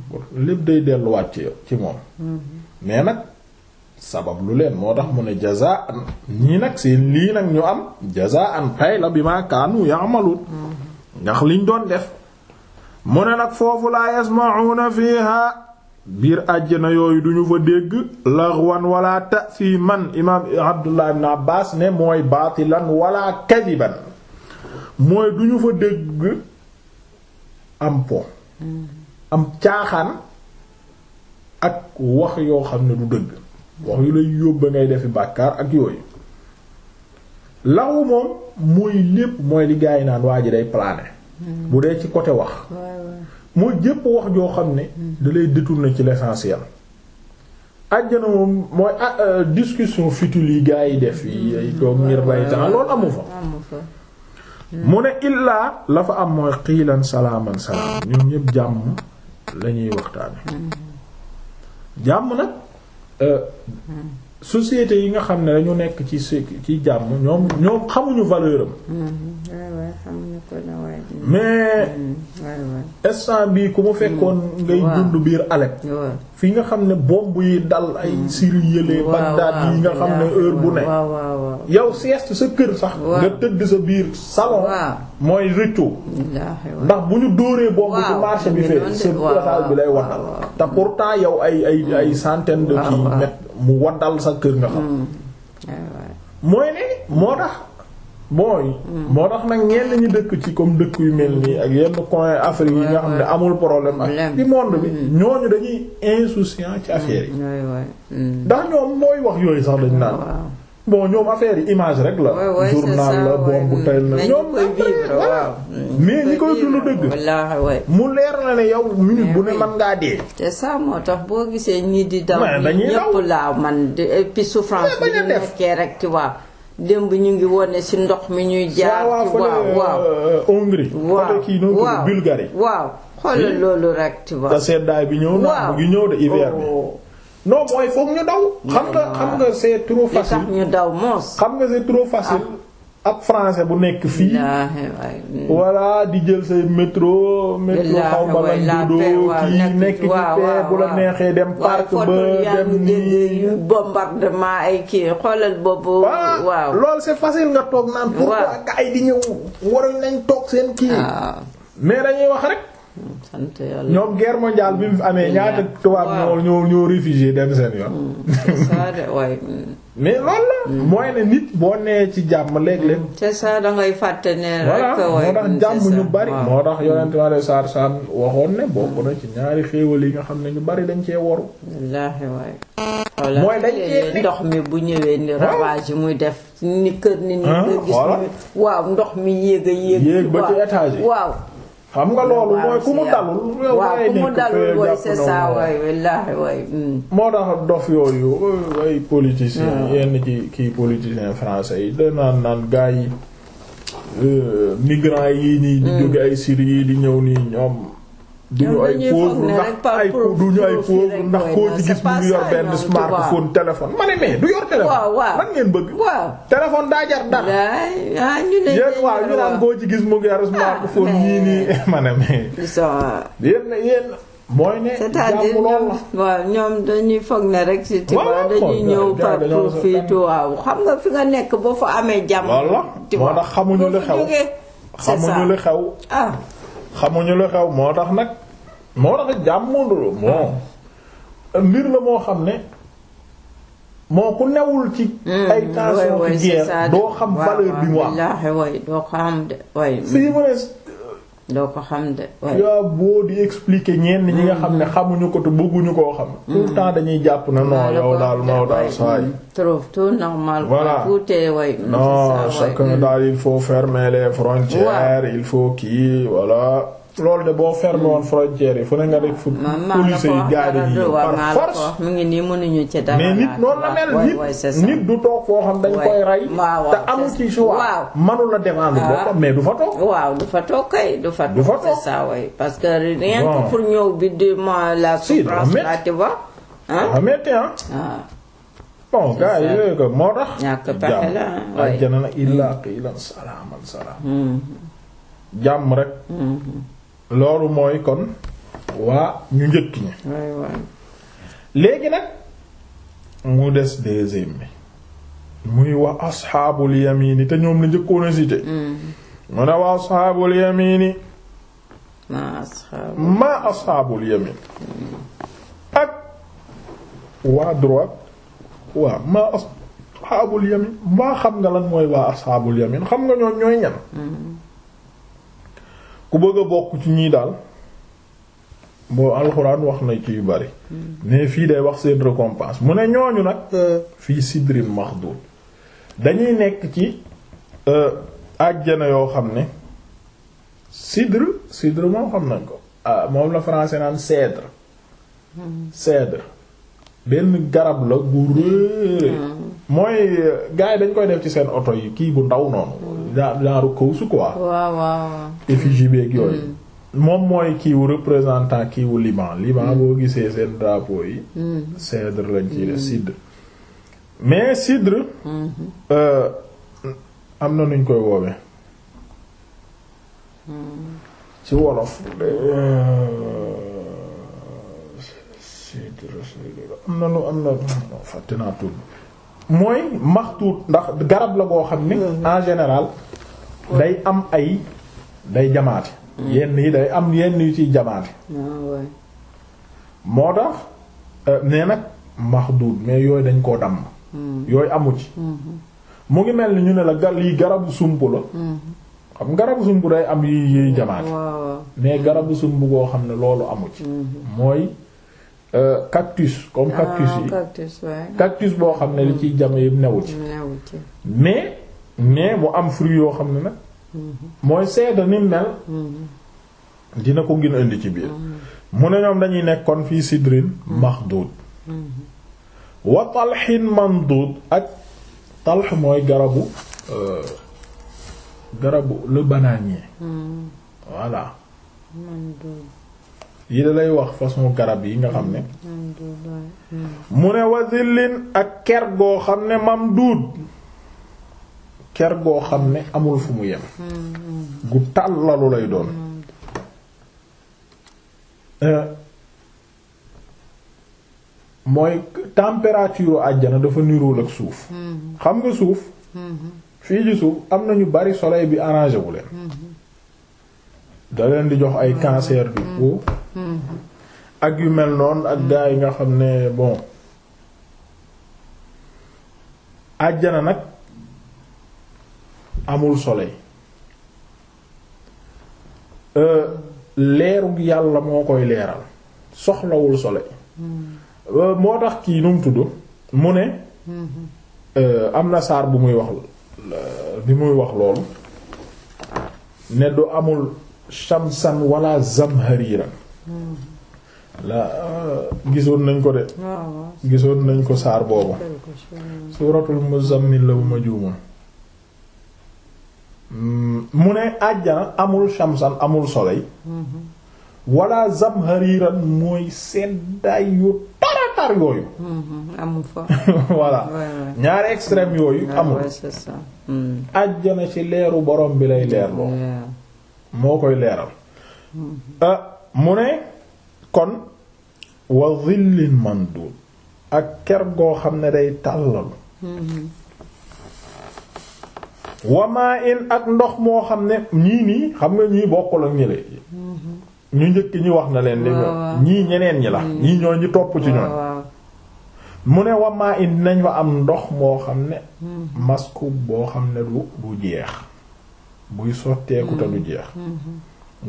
lépp day delluwaat ci yow ci moom hmm. mais nag sabab lu leen moo tax mu ne jaza an ñii nag seen lii nag ñu am jaza an pay la bi ma kaanu ya'malun hmm. ndax liñ doon def mu ne nag foofu laa yasma'una fiha biir àjjana yooyu duñu fa dégg laghwan wala ta'siman imaam Abdullah ibn Abbas ne mooy baatilan wala kadiban mooy duñu fa dégg am po am caaxaan ak wax yoo xam ne du dëgg wax yu lay yóbba ngay defi bàkkaar ak yooyu laxu moom mooy lépp mooy li gaa naan waa ji day plané hmm. bu dee ci côté wax moo jépp wax joo xam ne da lay détourner ci l'essentiel àjjana moom mooy ah, euh, discussion futile yi gars yi def yi ay toog ngir bay temps loolu amu fa hmm. mu ne illaa la fa am mooy xiilan salaaman salaam ñun ñëpp jàmm lañuy waxtaane hmm. jàmm nag euh, hmm. société yi nga xam ne dañu nekk ci ci jàmm ñoom ñoom xamuñu valeur am. Mm-hmm. mais mm-hmm. instant bii ku mu fekkoon. Mm-hmm. ngay dund biir Alep. fii nga xam ne bomb yi dal ay. Syrie yële Bagdad yi nga xam ne heure bu ne. yow sieste sa kër sax. nga tëdd sa biir salon. mooy rëccu. ndax bu ñu dóoree bomb ci marché bi fee c'est total bi lay waddal te pourtant yow ay ay mm. ay centaine de kilomètres mu waddal sa kër nga xam mm. mooy ne moo tax booy mm. moo tax nag ñenn ñi dëkk ci comme dëkk yu mel nii ak yenn coin Afrique yi nga xam ne amul problème ak ci monde bi ñooñu dañuy insouciant ci affaire yi ndax ñoom mooy wax yooyu sax dañ naan bon ñoom affaire yi image rek la. journal la c'est ça moo tax boo gisee ñii di daw. dañuy daw laa man et puis souffrance bi ñu nekkee rek tu démb ñu ngi wone si ndox mi ñuy jaar. waaw euh, waaw Hongrie. waaw waaw xoolal hmm? loolu rek tu vois. seddaay bi ñëw na mu ñëw de hiver no mooy foog ñu daw. xam nga xam nga c'est trop facile li ah. tax français bu nekk fii. voilà di jël say métro. métro xaw ma la juddoo nekk ci paix bu la neexee dem. parc ba ah, waaw loolu c'est facile nga toog naan. waaw pourquoi gars yi di ñëw waruñ nañ toog seen kii. Ah. mais dañuy wax rek. sant yàlla ñoom guerre mondiale bi mu amee ñaata tubaab ñoo ñoo réfugié dem seen yoon. Mm. c'est de waay. Mm. mais loolu la. Mm. mooy ne nit boo nee ci jàmm léeg-léeg. c'est ça ngay fàtte ne rek. waay ñu bari. moo tax yonent Yàlla saar saar yi nga xam ne ñu bari dañ cee waru. wallaahi waay. mooy dañ cee ndox mi bu ñëwee ni ah. ravage muy def. ni kër ni ni ah. nga gis. waaw ndox mi yéeg a yéeg. yéeg ba ci étage waaw. xam nga loolu mooy ku mu dalul. waaw ku mu dalul waaye c'est ça waay wallaahi waay. Hmm. moo tax dof yooyu ay politiciens hmm. yenn ci kii politiciens français yi da naan naan gaa yi euh, migrants yi nii. di hmm. jóge ay Syrie yi di ñëw nii ñoom. duñu ay pauvre ndax ay duñu ay pauvre ndax koo ci gis mu yor benn smartphone téléphone ma ne mais du yor téléphone. waaw waaw lan ngeen bëgg. waaw téléphone daa jar dara. ah ñu ne yéen waaw ñu ah, ne mooy ne c'est-à-dire waaw ñoom dañuy foog ne rek si Tivaouane dañuy ñëw partout fii waaw xam nga fi nga nekk boo fa amee jàmm. Tivaouane moo tax xamuñu li xew xamuñu ah. li xew. xamuñu la xew moo tax nag moo tax jàmm mondolo moo mbir la moo xam ne moo ku newul ci hmm. ay tension ci guerre doo xam valeur bi mu am waay doo xam de waay doo ko xam de. yaa boo di expliquer ñenn ñi nga mm. xam ne xamuñu ko te bëgguñu koo xam. Mm. tout temps dañuy jàpp na non yow daal moo daal saa yi. trop tout normal. voilà tout est way. non chacun daal il faut fermer les il faut kii voilà. loolu de boo fermé woon frontière yi fu ne nga def fu police yi gaari yi par force mu ngi nii mënuñu ci dara mais nit noonu la mel nit nit du toog foo xam dañ koy rey te amu ci choix manu la demande ah. boppam mais du fa toog waaw du fa toog kay du fa toog ça way parce que rien que pour ñëw bi de ma la souffrance là tu vois ah bon gars yi yooyu ko moo tax ñàkk pexe la ajjana na illaa qiilan salaaman salaam hmm. jàmm rek hmm. loolu mooy kon waa ñu njëkk ñi léegi nag mu des deuxième bi muy wa asxaabul yamini te ñoom la njëkkoon a cité mm-hmm. mu ne wa asxaabul yamini ma asxaabul yamin mm-hmm. ak waa droite waa ma asxaabul yamin mbaa xam nga lan mooy waa asxaabul yamin xam nga ñoom ñooy ñan mm-hmm. ku bëgg bokk ci ñii daal boo alxuraan wax na ci yu bari hmm. mais fii day wax seen récompense mu ne ñooñu nag euh. fii sidrin maxdud dañuy nekk ci euh, àjjana yoo xam ne cidre cidre moom xam nañ ko ah moom la français naan cèdre hmm. cèdre benn garab la gu hmm. mooy euh, gars yi dañ koy def ci seen oto yi kii bu ndaw noonu genre kawsu quoi. waaw waaw. effigie mm. beeg yooyu. Mm. moom mooy kiiwu représentant kiiwu Liban Liban mm. boo gisee seen drapeau yi. cèdre lañ ciy def cidre. mais cidre. Mm-hmm. Euh, am na nuñ koy woowee. ci wolof. Euh, am na lu am fàtte naa tudd mooy maxtuut ndax garab la boo xam ni mm-hmm. en général. day am ay day jamaate hmm. yenn yi day am yenn yu ciy jamaate ah, moo tax euh, ne nag maxduud mais yooyu dañ koo dam hmm. yooyu amu ci hmm. mu ngi mel ni ñu ne la gar lii garabu sump la xam garabu sump day am yi yuy jamaate mais garabu sump goo xam ne loolu amu ci mooy euh, cactus comme cactus ah, yi cactus boo xam ne li ciy jame yëpp newu ci mais mais mu am fruit yoo xam ne nag mooy sedd ni mel dina ko gën indi ci biir mu ne ñoom dañuy nekkoon fii sidrin maxduud wa talxin mandud ak talx mooy garabu euh, garabu le bananier voilà yi da lay wax façon garab yi nga xam ne mu ne wa zillin ak ker boo xam ne mamduud ker goo xam ne amul fu mu yem gu tàllalu lay doon euh, mooy température àjjana dafa nirool ak suuf xam nga suuf fii ci suuf am na ñu bari soleil bi arrangé wu leen da di jox ay cancer du mm-hmm. Mm-hmm. ak yu mel noon ak mm-hmm. gaa yi nga xam ne bon àjjana nag amul soleil euh, leeru yàlla moo koy leeral soxlawul soleil hmm. euh, moo tax kii nu mu tudd mu ne hmm. euh, am na saar bu muy wax bi muy wax loolu ne du amul shamsan wala zamhariran hmm. la gisoon nañ ko de ah, gisoon nañ ko saar boobu suuratul muzammil la bu ma juumoon Mm, mu ne àjjana amul shamsan amul soleil mm-hmm. wala zamhariran mooy seddaay yu taratar yooyu mm-hmm. amul fa voilà ñaari extrême yooyu amul àjjana mm. ci leeru borom bi lay leer loo moo koy leeral mm-hmm. ah, mu ne kon wa dhillin mandud ak ker goo xam ne day tàllalu wamaa in ak ndox moo xam ne ñii nii xam nga ñii bokkul ak ñële mm-hmm. ñu njëkk ñi wax na leen li ñii ñeneen ñi la ñii ñoo ñu topp ci ñoom mu ne wamaa in dinañ fa am ndox moo xam ne mm-hmm. masku boo xam ne du du jeex buy sotteeku te du mm-hmm. jeex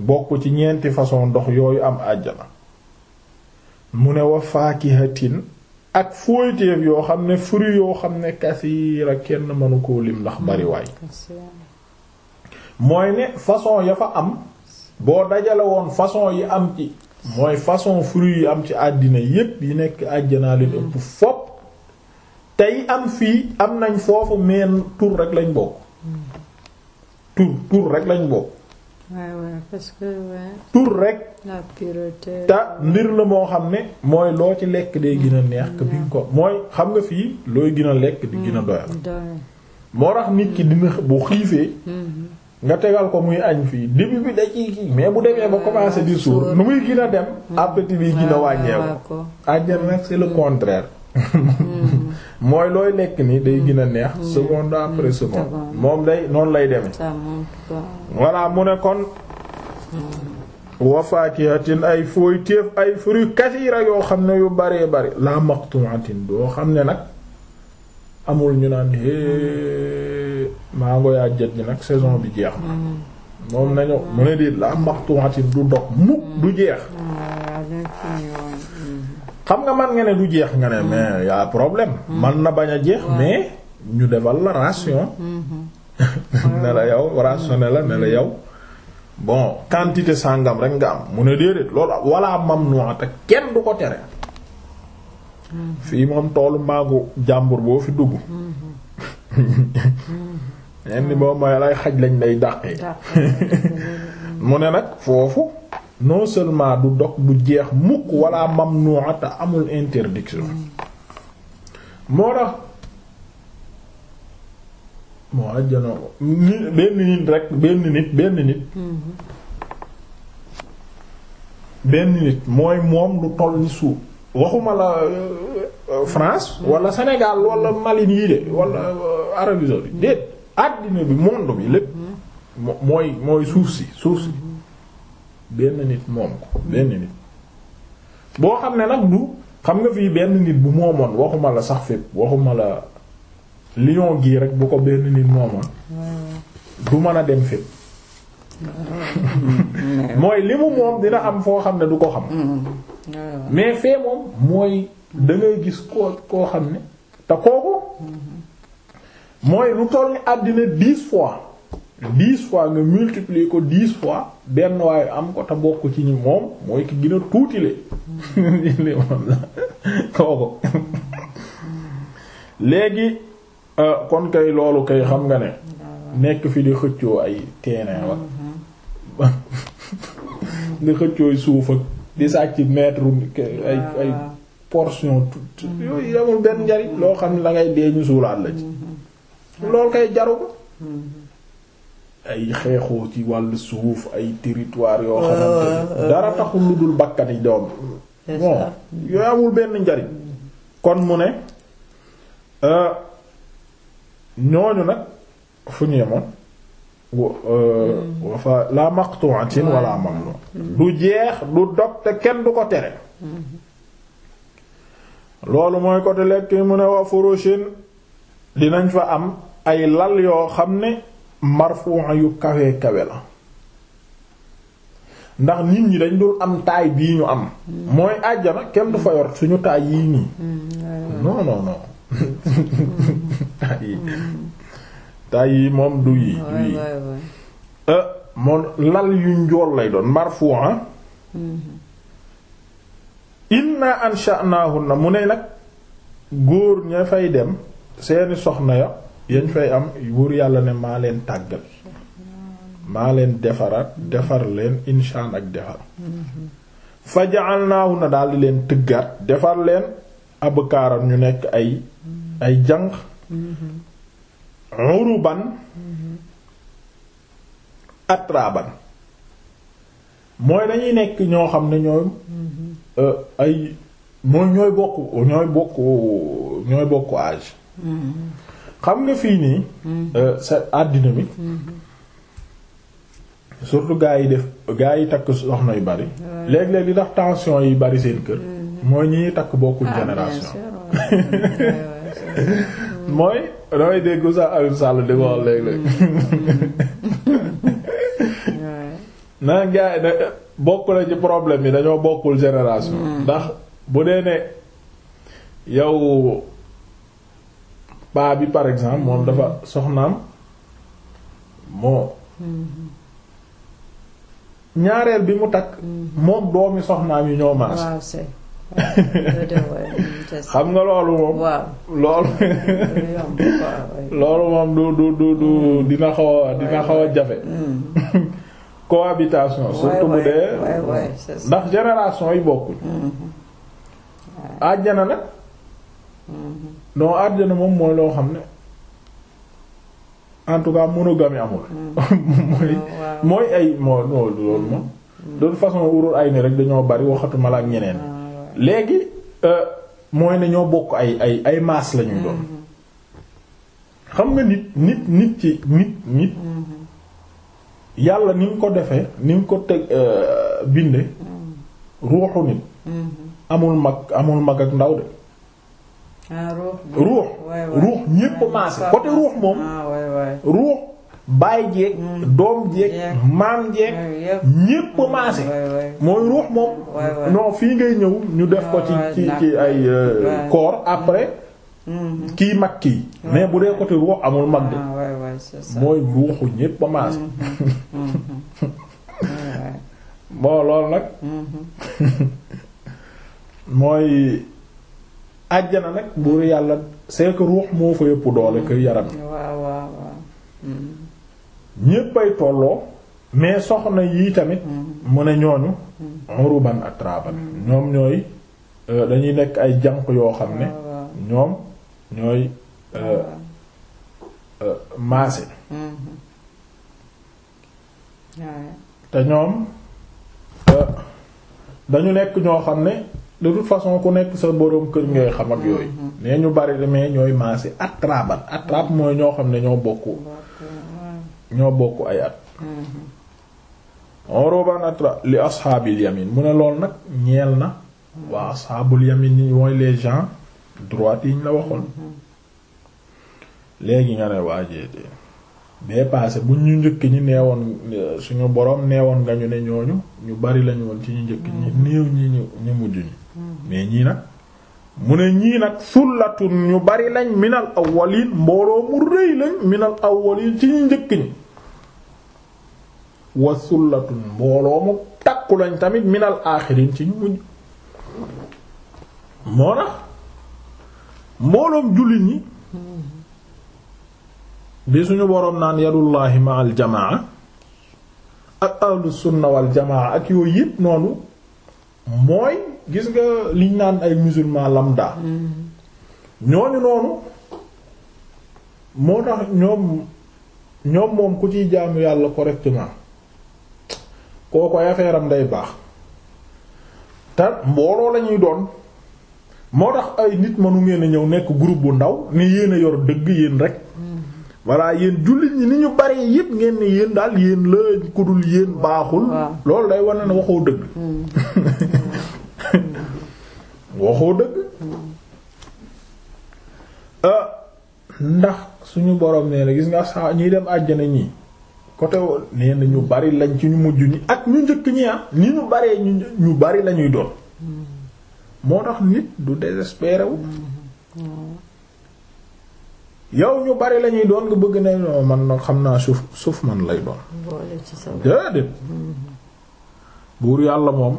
bokk ci ñeenti façon ndox yooyu am àjjana mu ne wa tin ak fooyteef yoo xam ne fruit yoo xam ne kasiira kenn mënu koo lim ndax bariwaay hmm. mooy ne façon ya fa am boo dajale woon façon yi am ci mooy façon fruit yi am ci àddina yépp yi nekk àjjanaa leen hmm. ëpp fopp tey am fii am nañ foofu meen tur rek lañ bokk hmm. tur tur rek lañ bokk parce que tur rek. la pureté. te mbir la moo xam ne. mooy loo ci lekk day gën a neex. bi nga ko mooy xam nga fii looy gën a lekk di gën a mm, doyal. moo tax nit ki dina bu xiifee. Mm-hmm. nga tegal ko muy añ fii début bi da kii mais bu demee ba commencé di suur nu muy gën a dem. Mm. appétit bi gën a wàññeeku. àjjana nag c'est le mm. contraire. mooy looy lekk nii day gën a mm. neex mm. seconde mm. après seconde moom day noonu lay demee voilà mu ne kon wa fakihatin ay fooy téef ay fruits kasiira yoo xam ne yu baree bari la maqtu'atin doo xam ne nag amul ñu naan é mango yaa jët ji nag saison bi jeex na moom nañu mu ne di la maqtu'atin du dog mukk du jeex xam nga man nga ne du jeex nga ne mais y'a problème man na bañ a jeex mais ñu defal la ration mm-hmm. ne la yow rationné la ne la yow bon quantité sàngam rek nga am mu ne déedéet loolu walla wax te kenn du ko tere mm-hmm. fii moom toolu maagu jàmbur boo fi dugg ñenn mm-hmm. boo mooy lay xaj lañ lay dàqee mu ne nag foofu non seulement du dog bu jeex mukk wala mamnu'a te amul interdiction moo tax moo ajjana ni benn nit benn nit benn nit mooy moom lu toll ni suuf waxuma la euh, France wala Sénégal wala Mali nii de wala euh, Arabie saoudite déet àddina bi monde bi lépp mooy mooy suuf si suuf si benn nit moom ko benn nit boo xam ne nag du xam nga fi benn nit bu moomoon waxuma la sax fépp waxuma la lion gii rek bu ko benn nit moomoon du mën a dem fépp mooy li mu moom dina am foo xam ne du ko xam mais fee moom mooy dangay gis koo koo xam ne te kooku mooy lu toll ni àddina dix fois dix fois nga multiplier ko dix fois benn waaye am ko te bokk ci ñi moom mooy ki gën a tuuti le kooku léegi euh, kon kay loolu koy xam nga ne nekk fi di xëccoo ay terrain wa mm-hmm. di xëccooy suuf ak di sa mètre ay ah. ay portion tout mm-hmm. yooyu yamul benn njariñ loo xam ne la ngay dee ñu suulaat la ci mm-hmm. loolu kay jaru ko ay xeexoo ci wàllu suuf ay territoire yoo xamante ne ah, ah, dara taxul lu dul bakkan doom yooyu amul benn njariñ kon mu ne euh, ñooñu nag fu ñu yemoon wa euh, hmm. fa la maqtu'atin wala mamnu hmm. du jeex du dog te kenn du ko tere hmm. loolu mooy côté lekk mu ne wa furushin dinañ fa am ay lal yoo xam ne marfu'a yu kawe kawe la ndax nit ñi dañ dul am taay bii ñu am mooy àjjana kenn du fa suñu taay yii nii mm, non non taay yi mm. moom du yi du yi euh, lal yu njool lay doon marfu'a mm-hmm. inna na mu ne nag góor ña fay dem seeni soxna ya yéen fay am wuur yàlla ne maa leen tàggal maa leen defaraat defar leen inshaan ak defar faja'alnaahu na daal di leen tëggat defar leen ab abkaaran ñu nekk ay ay janq uruban atraban mooy dañuy nekk ñoo xam ne ñooy euh, ay mooy ñooy bokk ñooy bokk ñooy bokk âge xam nga fii nii. Mm-hmm. Euh, sa àddina bi. Mm-hmm. surtout gaa yi def gaa yi takk soxna yu bari. léeg-léeg li tax tension yi bari seen kër. Mm-hmm. mooy ñi takk bokkul ah, mooy damay dégg sax Aliou Sall di ko wax léeg-léeg. gaa yi bokk ci problème yi dañoo bokkul génération. Mm. ndax bu dee ne yow. paa bi par exemple moom dafa mm-hmm. soxnaam moo mm-hmm. ñaareel bi mu takk mm-hmm. moom doomi soxnaam yi ñoo maas xam nga loolu moom loolu loolu moom du du du dina xaw dina xaw a jafe cohabitation surtout bu dee ndax génération yi bokkul àjjana nag non àddina moom mooy loo xam ne en tout cas amul. Mm. mooy oh, mooy ay moo loolu moom. Mm. de façon urul ay rek dañoo bari waxatuma la ak ñeneen. Ah, léegi euh, mooy ne ñoo bokk ay ay ay maas la ñuy mm-hmm. xam nga nit nit nit ci nit nit. Mm-hmm. yàlla ni mu ko defee ni mu ko teg euh, binde mm. ruuxu nit. Mm-hmm. amul mag amul mag ak ndaw de. Ah, ruux ruux ñépp maase côté ruux moom ah, ruux baay jeeg mm. doom jeeg maam jeeg ñépp maase mooy ruux moom non fii ngay ñëw ñu def ko ci ah, ci ay euh, corps après mm-hmm. kii mag kii mais bu dee côté ruux amul mag mooy ruuxu ñépp maase mm-hmm. Mm-hmm. bon loolu nag mooy àjjana nag buur yàlla c'est que ruux moo fa yëpp doole que yaram waaw waaw waaw hmm. ñéppay tolloo mais soxna yii tamit hmm. mu ne ñooñu hmm. uruban atraban ñoom ñooy euh, dañuy nekk ay jànq yoo xam ne ñoom ñooy euh, euh, maase te ñoom dañu nekk ñoo xam ne de toute façon ku nekk sa boroom kër ngay xam yooyu mm-hmm. nee ñu bari mais ñooy maase atraban atrab mooy ñoo xam ne ñoo bokk ñoo bokk ay at mm-hmm. oroban atrab li asxaabil yamin mu ne lool nag ñeel na waa asxaabul yamin ni mooy les gens droite yi ñu la waxoon mm-hmm. léegi nga ne waajeete bee paase bu ñu njëkk ñi neewoon suñu boroom neewoon nga ñu ne ñooñu ñu bari lañu woon ci ñu njëkk ñi néew ñi ñu ñu mujj ñi mais ñii nag mu ne ñii nag sullatun ñu bari lañ minal awwalin mbooloo mu rëy lañ minal awwalin ci ñu njëkk ñi wa sullatun mbooloo mu takku lañ tamit minal aaxirin ci ñu mujj moo tax mbooloom jullit ñi bi suñu boroom naan yadullahi ma al ak ahlu sunna wal ak yooyu yépp noonu mooy gis nga liñ naan ay musulman lambda ñooñu noonu moo tax ñoom moom ku ciy jaamu yàlla correctement kooku ay affaire am day baax te mbooloo la ñuy doon moo tax ay nit mënu ngeen a ñëw nekk groupe bu ndaw ni yéen a yor dëgg yéen rek voilà yéen jullit ñi ni ñu bari yépp ngeen ne yéen daal yéen la ku dul yéen baaxul. loolu day wane ne waxoo dëgg. Hmm. waxoo dëgg. Hmm. Euh, ndax suñu borom nee gis nga saa ñiy dem àjjana ñi côté nee na ñu bari lañ ci ñu mujj ñi ak ñu njëkk ñi ah ni ñu baree ñu ñu bari lañuy doon. Hmm. moo tax nit du désespéré yow ñu bari lañuy doon nga bëgg ne non oh, man nag xam naa suuf suuf man lay doon. déedéet mm-hmm. buur yàlla moom. Mm-hmm.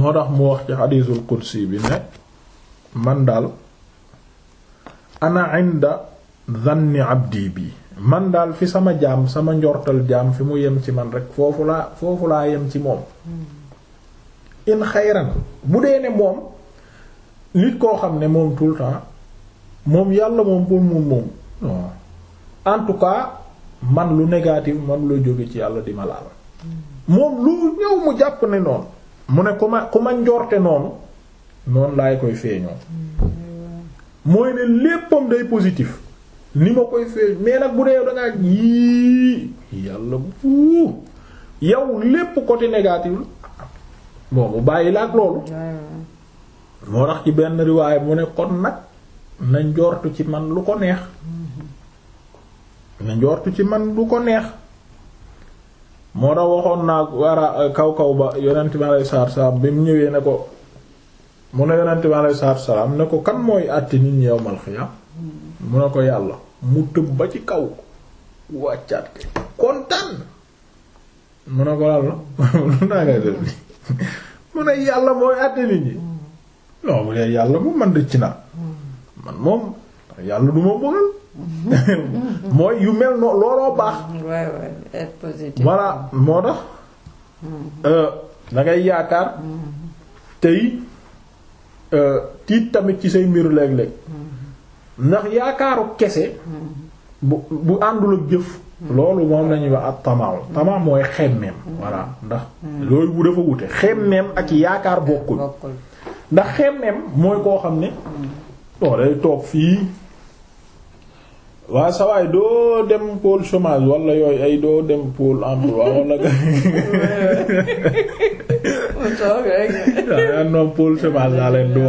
moo tax mu wax ci xadiisul qudsi bi ne man daal ana inda dhanni abdi bi man daal fi sama jaam sama njortal jaam fi mu yem ci man rek foofu laa foofu laa yem ci moom mm-hmm. in xayran bu dee ne moom nit koo xam ne moom tout moom yàlla moom pour mu moom non en tout cas man lu négatif man lu jóge ci yàlla di ma laal moom lu ñëw mu jàpp ne noonu mu ne ku ma ku ma njorte noonu noonu laay koy feeñoo mooy ne léppam day positif ni ma koy feeñ mais nag bu dee da ngaa yii yàlla bu yow lépp côté négatif bon mu bàyyi la ak loolu moo tax ci benn riwaay mu ne kon nag na njortu ci man lu ko neex na njortu ci man lu ko neex moo tax waxoon naa wara kaw kaw ba yonent bi alayhi salaatu salaam bi mu ñëwee ne ko mu ne yonent bi alayhi salaatu salaam ne ko kan mooy àtti nit ñi yawmal xiyaam mu ne ko yàlla mu tëb ba ci kaw wàccaat ke kontaan mu ne ko lalla lu naa ngay yàlla mooy àtti nit ñi non mu ne yàlla mu man rëcc na man moom yàlla du ma bëggal mooy yu mel no looloo baax voilà moo tax mm-hmm. euh, da yaakaar mm-hmm. tey euh, tiit tamit ci say mbiru léeg-léeg mm-hmm. ndax yaakaaru kese bu bu àndul ak jëf loolu moom lañuy wax ak tamaaw tamaaw mooy xemmeem voilà ndax loolu bu dafa wute xemmeem ak yaakaar bokkul ndax xemmeem mooy koo xam ne non day toog fii waa sawaay doo dem pôle chômage wala yooyu ay doo dem pôle emploi wala ga noom pôle chômage laa leen du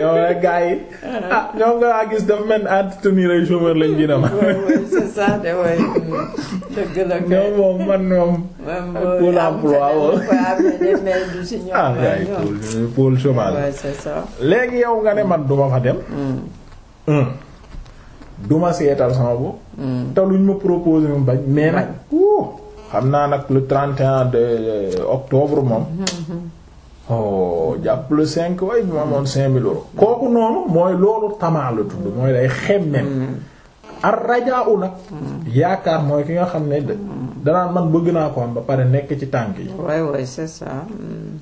yow eh, gars yi uh-huh. ah ñoom nga laa gis dafa mel ni entretenir ay chômeur lañ gën a mën. c'est ñoom moom man ñoom. pôle emploi woo. ah gars yi euh, pôle chômage. léegi yow nga ne man duma fa dem. Mm. Mm. duma seetal sama bopp. Mm. te luñ ma proposé mu bañ mais nag. xam naa nag le 31 de euh, octobre moom. Mm-hmm. oh jàppale cinq waaye ñu amoon cinq mille euros kooku noonu mooy loolu tamaa la tudd mooy day xemmem ar rajaa u nag yaakaar mooy ki nga xam ne danaan man bëgg naa ko am ba pare nekk ci tànk yi waay waay c'est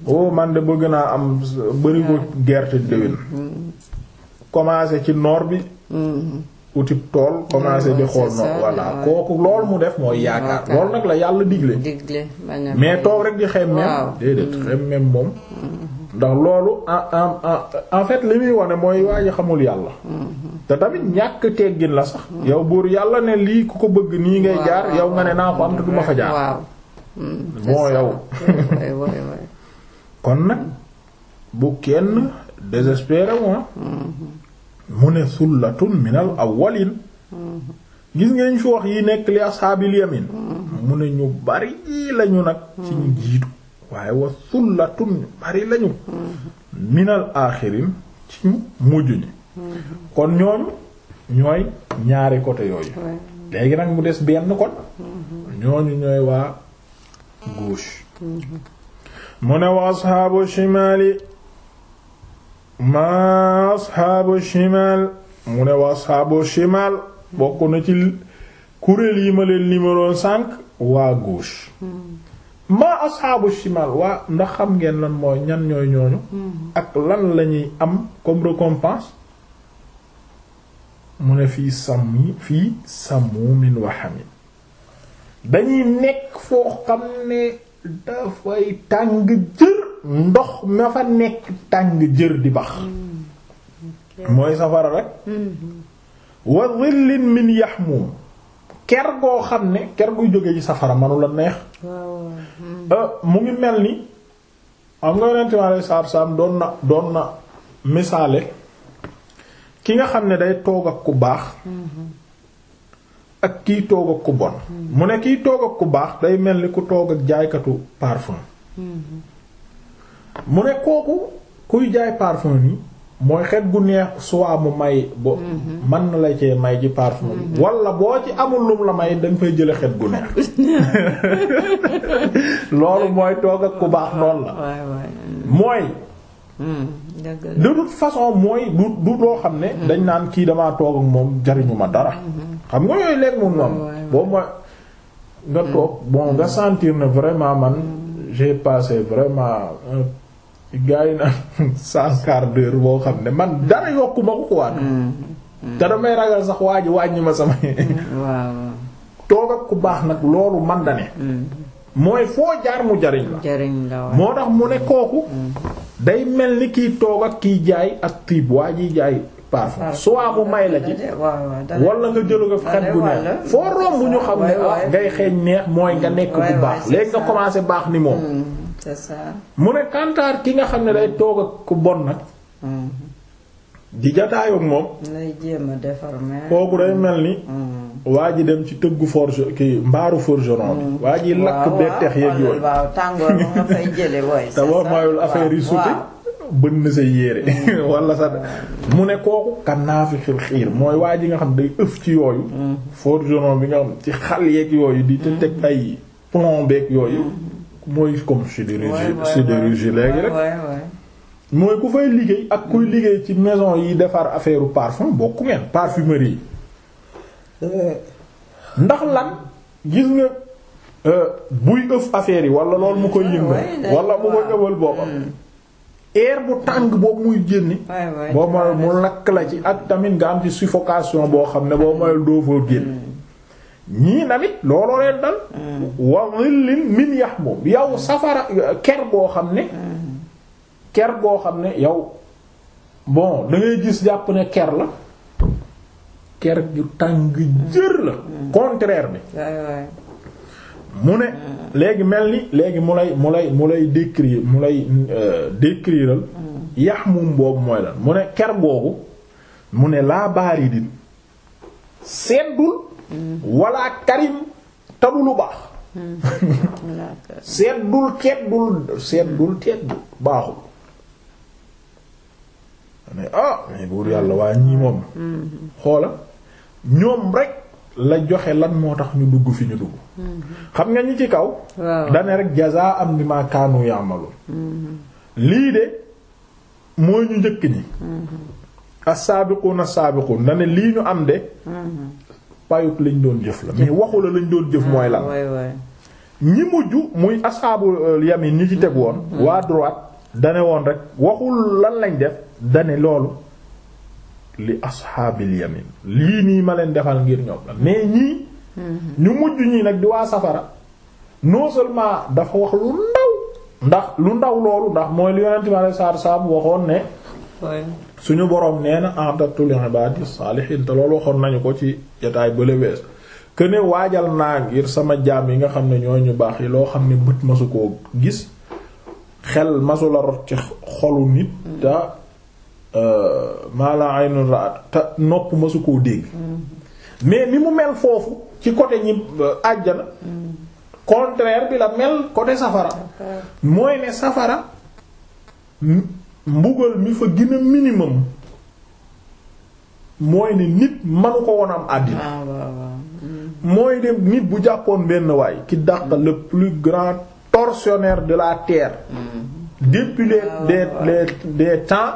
oh, man de bëgg naa am bëri ko gerte déwén mm-hmm. commencé ci noor bi mm-hmm. utib tool commencé di xool noonu voilà kooku loolu mu def mooy yaakaar loolu nag la yàlla digle mais toog rek di xemmem déedéet mm. xemmem moom ndax loolu en fait li muy wane mooy waaye xamul yàlla mm-hmm. te tamit ñàkk teggin la sax mm. yow buur yàlla ne lii ku ko bëgg nii ngay jaar yow nga ne naa ko am te duma fa jaar mm. moo yow kon nag bu kenn désespéré ah. mm-hmm. mu ne sullatun minal awwalin gis ngeen fi wax yi nekk li ashaabil yamin mu ne ñu bari lañu nag ci ñu jiitu waaye wa sullatun ñu bari lañu minal aaxirin ci ñu mujj ñi kon ñooñu ñooy ñaari côté yooyu léegi nag mu des benn kon ñooñu ñooy waa gauche mu ne wa ashaabu ma asxaabu shimal mu ne wa asxaabu shimal bokk na ci kuréel yi ma leen numéro cinq waa gauche hmm. ma asxaabu shimal waa ndax xam ngeen lan mooy ñan ñooy ñooñu hmm. ak lan lañuy am comme récompense mu ne fii sami fii samumin wa hamim dañuy nekk foo xam ne dafay tàng jër ndox ma fa nekk tàng jër di bax mooy safara rek wa dhillin min yahmum ker goo xam ne ker guy jóge ci safara manu la neex euh, mu ngi mel ni am nga yonent mi alei saatu salaam doon na doon na misaale ki nga xam ne day toog ak ku baax ak kiy toog ak ku bon mm-hmm. mu ne kiy toog ak ku baax day mel ni ku toog ak jaaykatu parfum mm-hmm. mu ne kooku kuy jaay parfum yi mooy xet gu neex soit mu may bo mhm. mën na la cee may ci parfum bi mhm. wala boo ci amul lum la may dañ fay jële xet gu neex loolu mooy toog ak ku baax noonu la mooy hmm, de façon mooy du doo xam ne hmm. dañ naan kii damaa toog moom jariñu ma dara hmm. xam nga yooyu léegi moom moom boo mooy nga toog bon nga sentir ne vraiment man j'ai passé vraiment gaa yi naan cent quart d'heure boo xam ne man dara yokku ma ko quoi. Mm. Mm. te damay ragal sax waa ji wàññi ma sama. Mm. waaw toog ak ku baax nag loolu man da ne. mooy foo jaar mu jariñ la. jariñ la moo tax mu ne kooku. day mel ni kiy toog kiy jaay ak tiib waa jiy jaay. parfum soit bu may la ci. wala nga jëlu nga fi xet bu foo romb ñu xam ne ah, ngay xeeñ neex mooy nga nekk bu baax léegi nga commencé baax ni moom. c'est ça mu ne kantaar ki nga xam ne day toog ak ku bon nag. Mm-hmm. di jataayoo ak moom. kooku day mel ni. Mm-hmm. waa ji dem ci tëggu forge kii mbaaru forgeron bi. Mm-hmm. waa ji lakk beeg tex yooyu. waaw tàngoor ba nga fay jëlee woy. mayul affaire yi suti bënn sa yére. mu ne kooku kan naa fi xil xiir mooy waa ji nga xam day ëf ci yooyu. forgeron bi nga xam ci xal yeeg yooyu. di te teg ay plomb beeg yooyu. mooy comme sidérurgie sidérurgie léegi rek mooy ku fay liggéey ak kuy mm. liggéey ci maison yi defar affaire parfum bokku ngeen parfumerie yi euh. ndax lan gis nga euh, buy ëf affaire yi wala lool mu koy yëngal wala mu koy ëwal boppam mm. air bu tàng boobu muy génni boo moyul mu lakk la ci ak tamit nga am ci suffocation boo xam ne boo moyul doo foo génn mm. ñii namit looloo leen dal mm. wa dhillin min yahmum yow safara ker boo xam ne mm. ker boo xam ne yow bon dangay gis jàpp ne ker la ker ju tàng jër la mm. contraire bi mu ne léegi mel ni léegi mu lay mu lay mu lay décrire mu lay euh, boobu mooy lan mu ne ker boobu mu ne laa baridin seddul wala karim tabu lu baax seddul teddul seddul teddul baaxul ne ah mais buur yàlla waa ñii moom xoola ñoom rek la joxe lan moo tax ñu dugg fi ñu dugg xam nga ñi ci kaw dane rek jaza am bi ma kaanu ya'malu lii de mooy ñu njëkk ñi mm-hmm. as na as-sabiqun dane lii ñu am de mm-hmm. payut lañ doon jëf la mais waxu la lañ doon jëf mooy la ñi mujj muy asxaabul euh, yamin ñi ci teg woon mm-hmm. waa droite dane woon rek waxul lan lañ def dane loolu li asxaabil yamin lii nii ma leen defal ngir ñoom la mais ñii mm-hmm. ñu mujj ñii nag di waa safara non seulement dafa wax lu ndaw ndax lu ndaw loolu ndax mooy li yonent mi alayhi salaatu waxoon ne suñu boroom nee na a'dadtu lil ibadi salihin te loolu waxoon nañu ko ci jotaay bële wees que ne waajal naa ngir sama jaam yi nga xam ne ñooy ñu baax yi loo xam ne bët masu koo gis xel masu la rot ci xolu nit te euh, maa la aynun ra'at te nopp masu koo dégg mais ni mu mel foofu ci côté ñi euh, àjjana contraire bi la mel côté safara mooy ne safara mbugal mi fa gën a mooy ne nit manu ko woon am àddina ah, mm. mooy nit bu jàppoon benn waay ki dàq le plus grand tortionnaire de la terre mm. depuis les des ah, les temps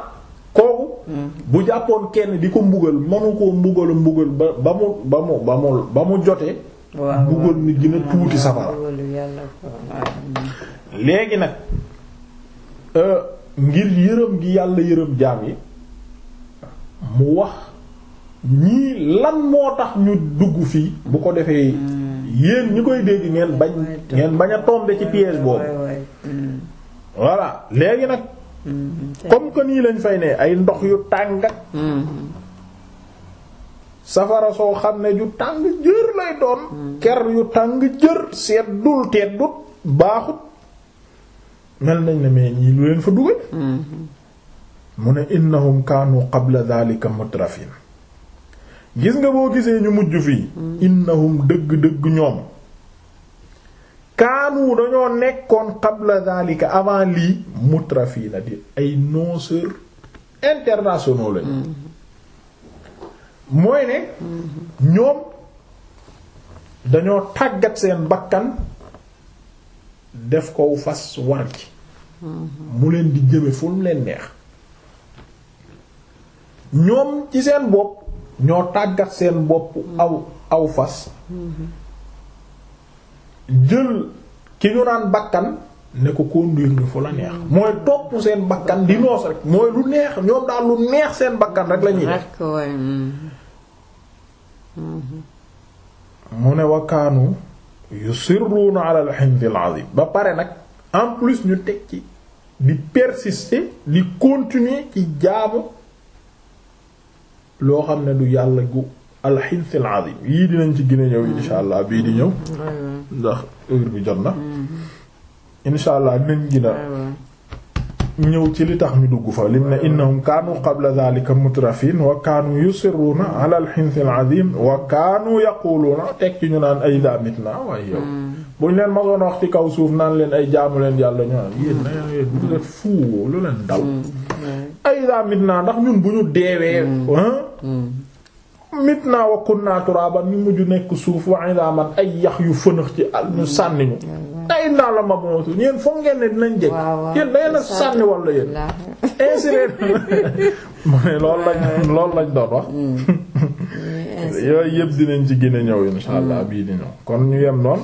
kooku mm. bu jàppoon kenn di ko mbugal manu koo mbugal mbugal ba ba mu ba mu ba mu ba mu jotee mbugal ni gën tuuti safara léegi nag euh, ngir yërëm gi yàlla yërëm jaam yi mu wax ñii lan moo tax ñu dugg fii bu ko defee hmm. yéen ñi koy dégg ngeen bañ ngeen bañ a tomber ci piège boobu hmm. voilà léegi nag hmm. comme que nii lañ fay ne ay ndox yu tàng safara soo xam ne ju tàng jër lay doon ker yu tàng jër seddul teddut baaxut mel nañ ne mais ñii lu leen fa dugal mm-hmm. mu ne innahum kaanu qabla dhalika mutrafin gis nga boo gisee ñu mujj fii mm-hmm. innahum dëgg-dëgg ñoom kaanu dañoo nekkoon qabla dhalika avant lii mutrafina di ay noceurs internationaux mm-hmm. mooy ne ñoom dañoo tàggat seen bakkan def kow fas war ci mu leen di jëme fu leen neex ñoom ci seen bopp ñoo tàggat seen bopp aw aw fas jël ki ñu naan bakkan ne ko conduire nga fu la neex mooy topp seen bakkan di noos rek mooy lu neex ñoom daal lu neex seen bakkan rek lañuy def mm. mm-hmm. mu ne wakaanu yusirruuna ala al-himd al ba pare nag en plus ñu teg ci di persister di continuer ci jaamu loo xam ne du yàlla gu alxinsil azim yii dinañ ci gën a ñëw insha allah bii di ñëw ndax heure bi jot allah dinañ gën a ñëw ci li tax ñu dugg fa lim ne innahum kaanu qabla dhalika mutrafin wa kaanu yusirruuna ala alxinsil azim wa kaanu yaquluuna teg ñu naan ay daa mitna waaye yow buñ leen masoon wax ci kaw suuf naan leen ay jaamu leen yàlla ñu naan yéen na ngeen bu lu leen dal. Mm. ay daa mit naa ndax ñun bu ñu deewee. Mm. Ah? Mm. mit naa wa kunna ñu mujj nekk suuf waaye ay yax yu fënax ci àll ñu sànni ñu. ay naa la mabootu ñeen foog ngeen ne dinañ jëkk yéen da ngeen a sànni walla yéen insileen mu lañ doon wax yooyu yëpp dinañ ci gën a ñëw insha allah bii di ñëw kon ñu yem noonu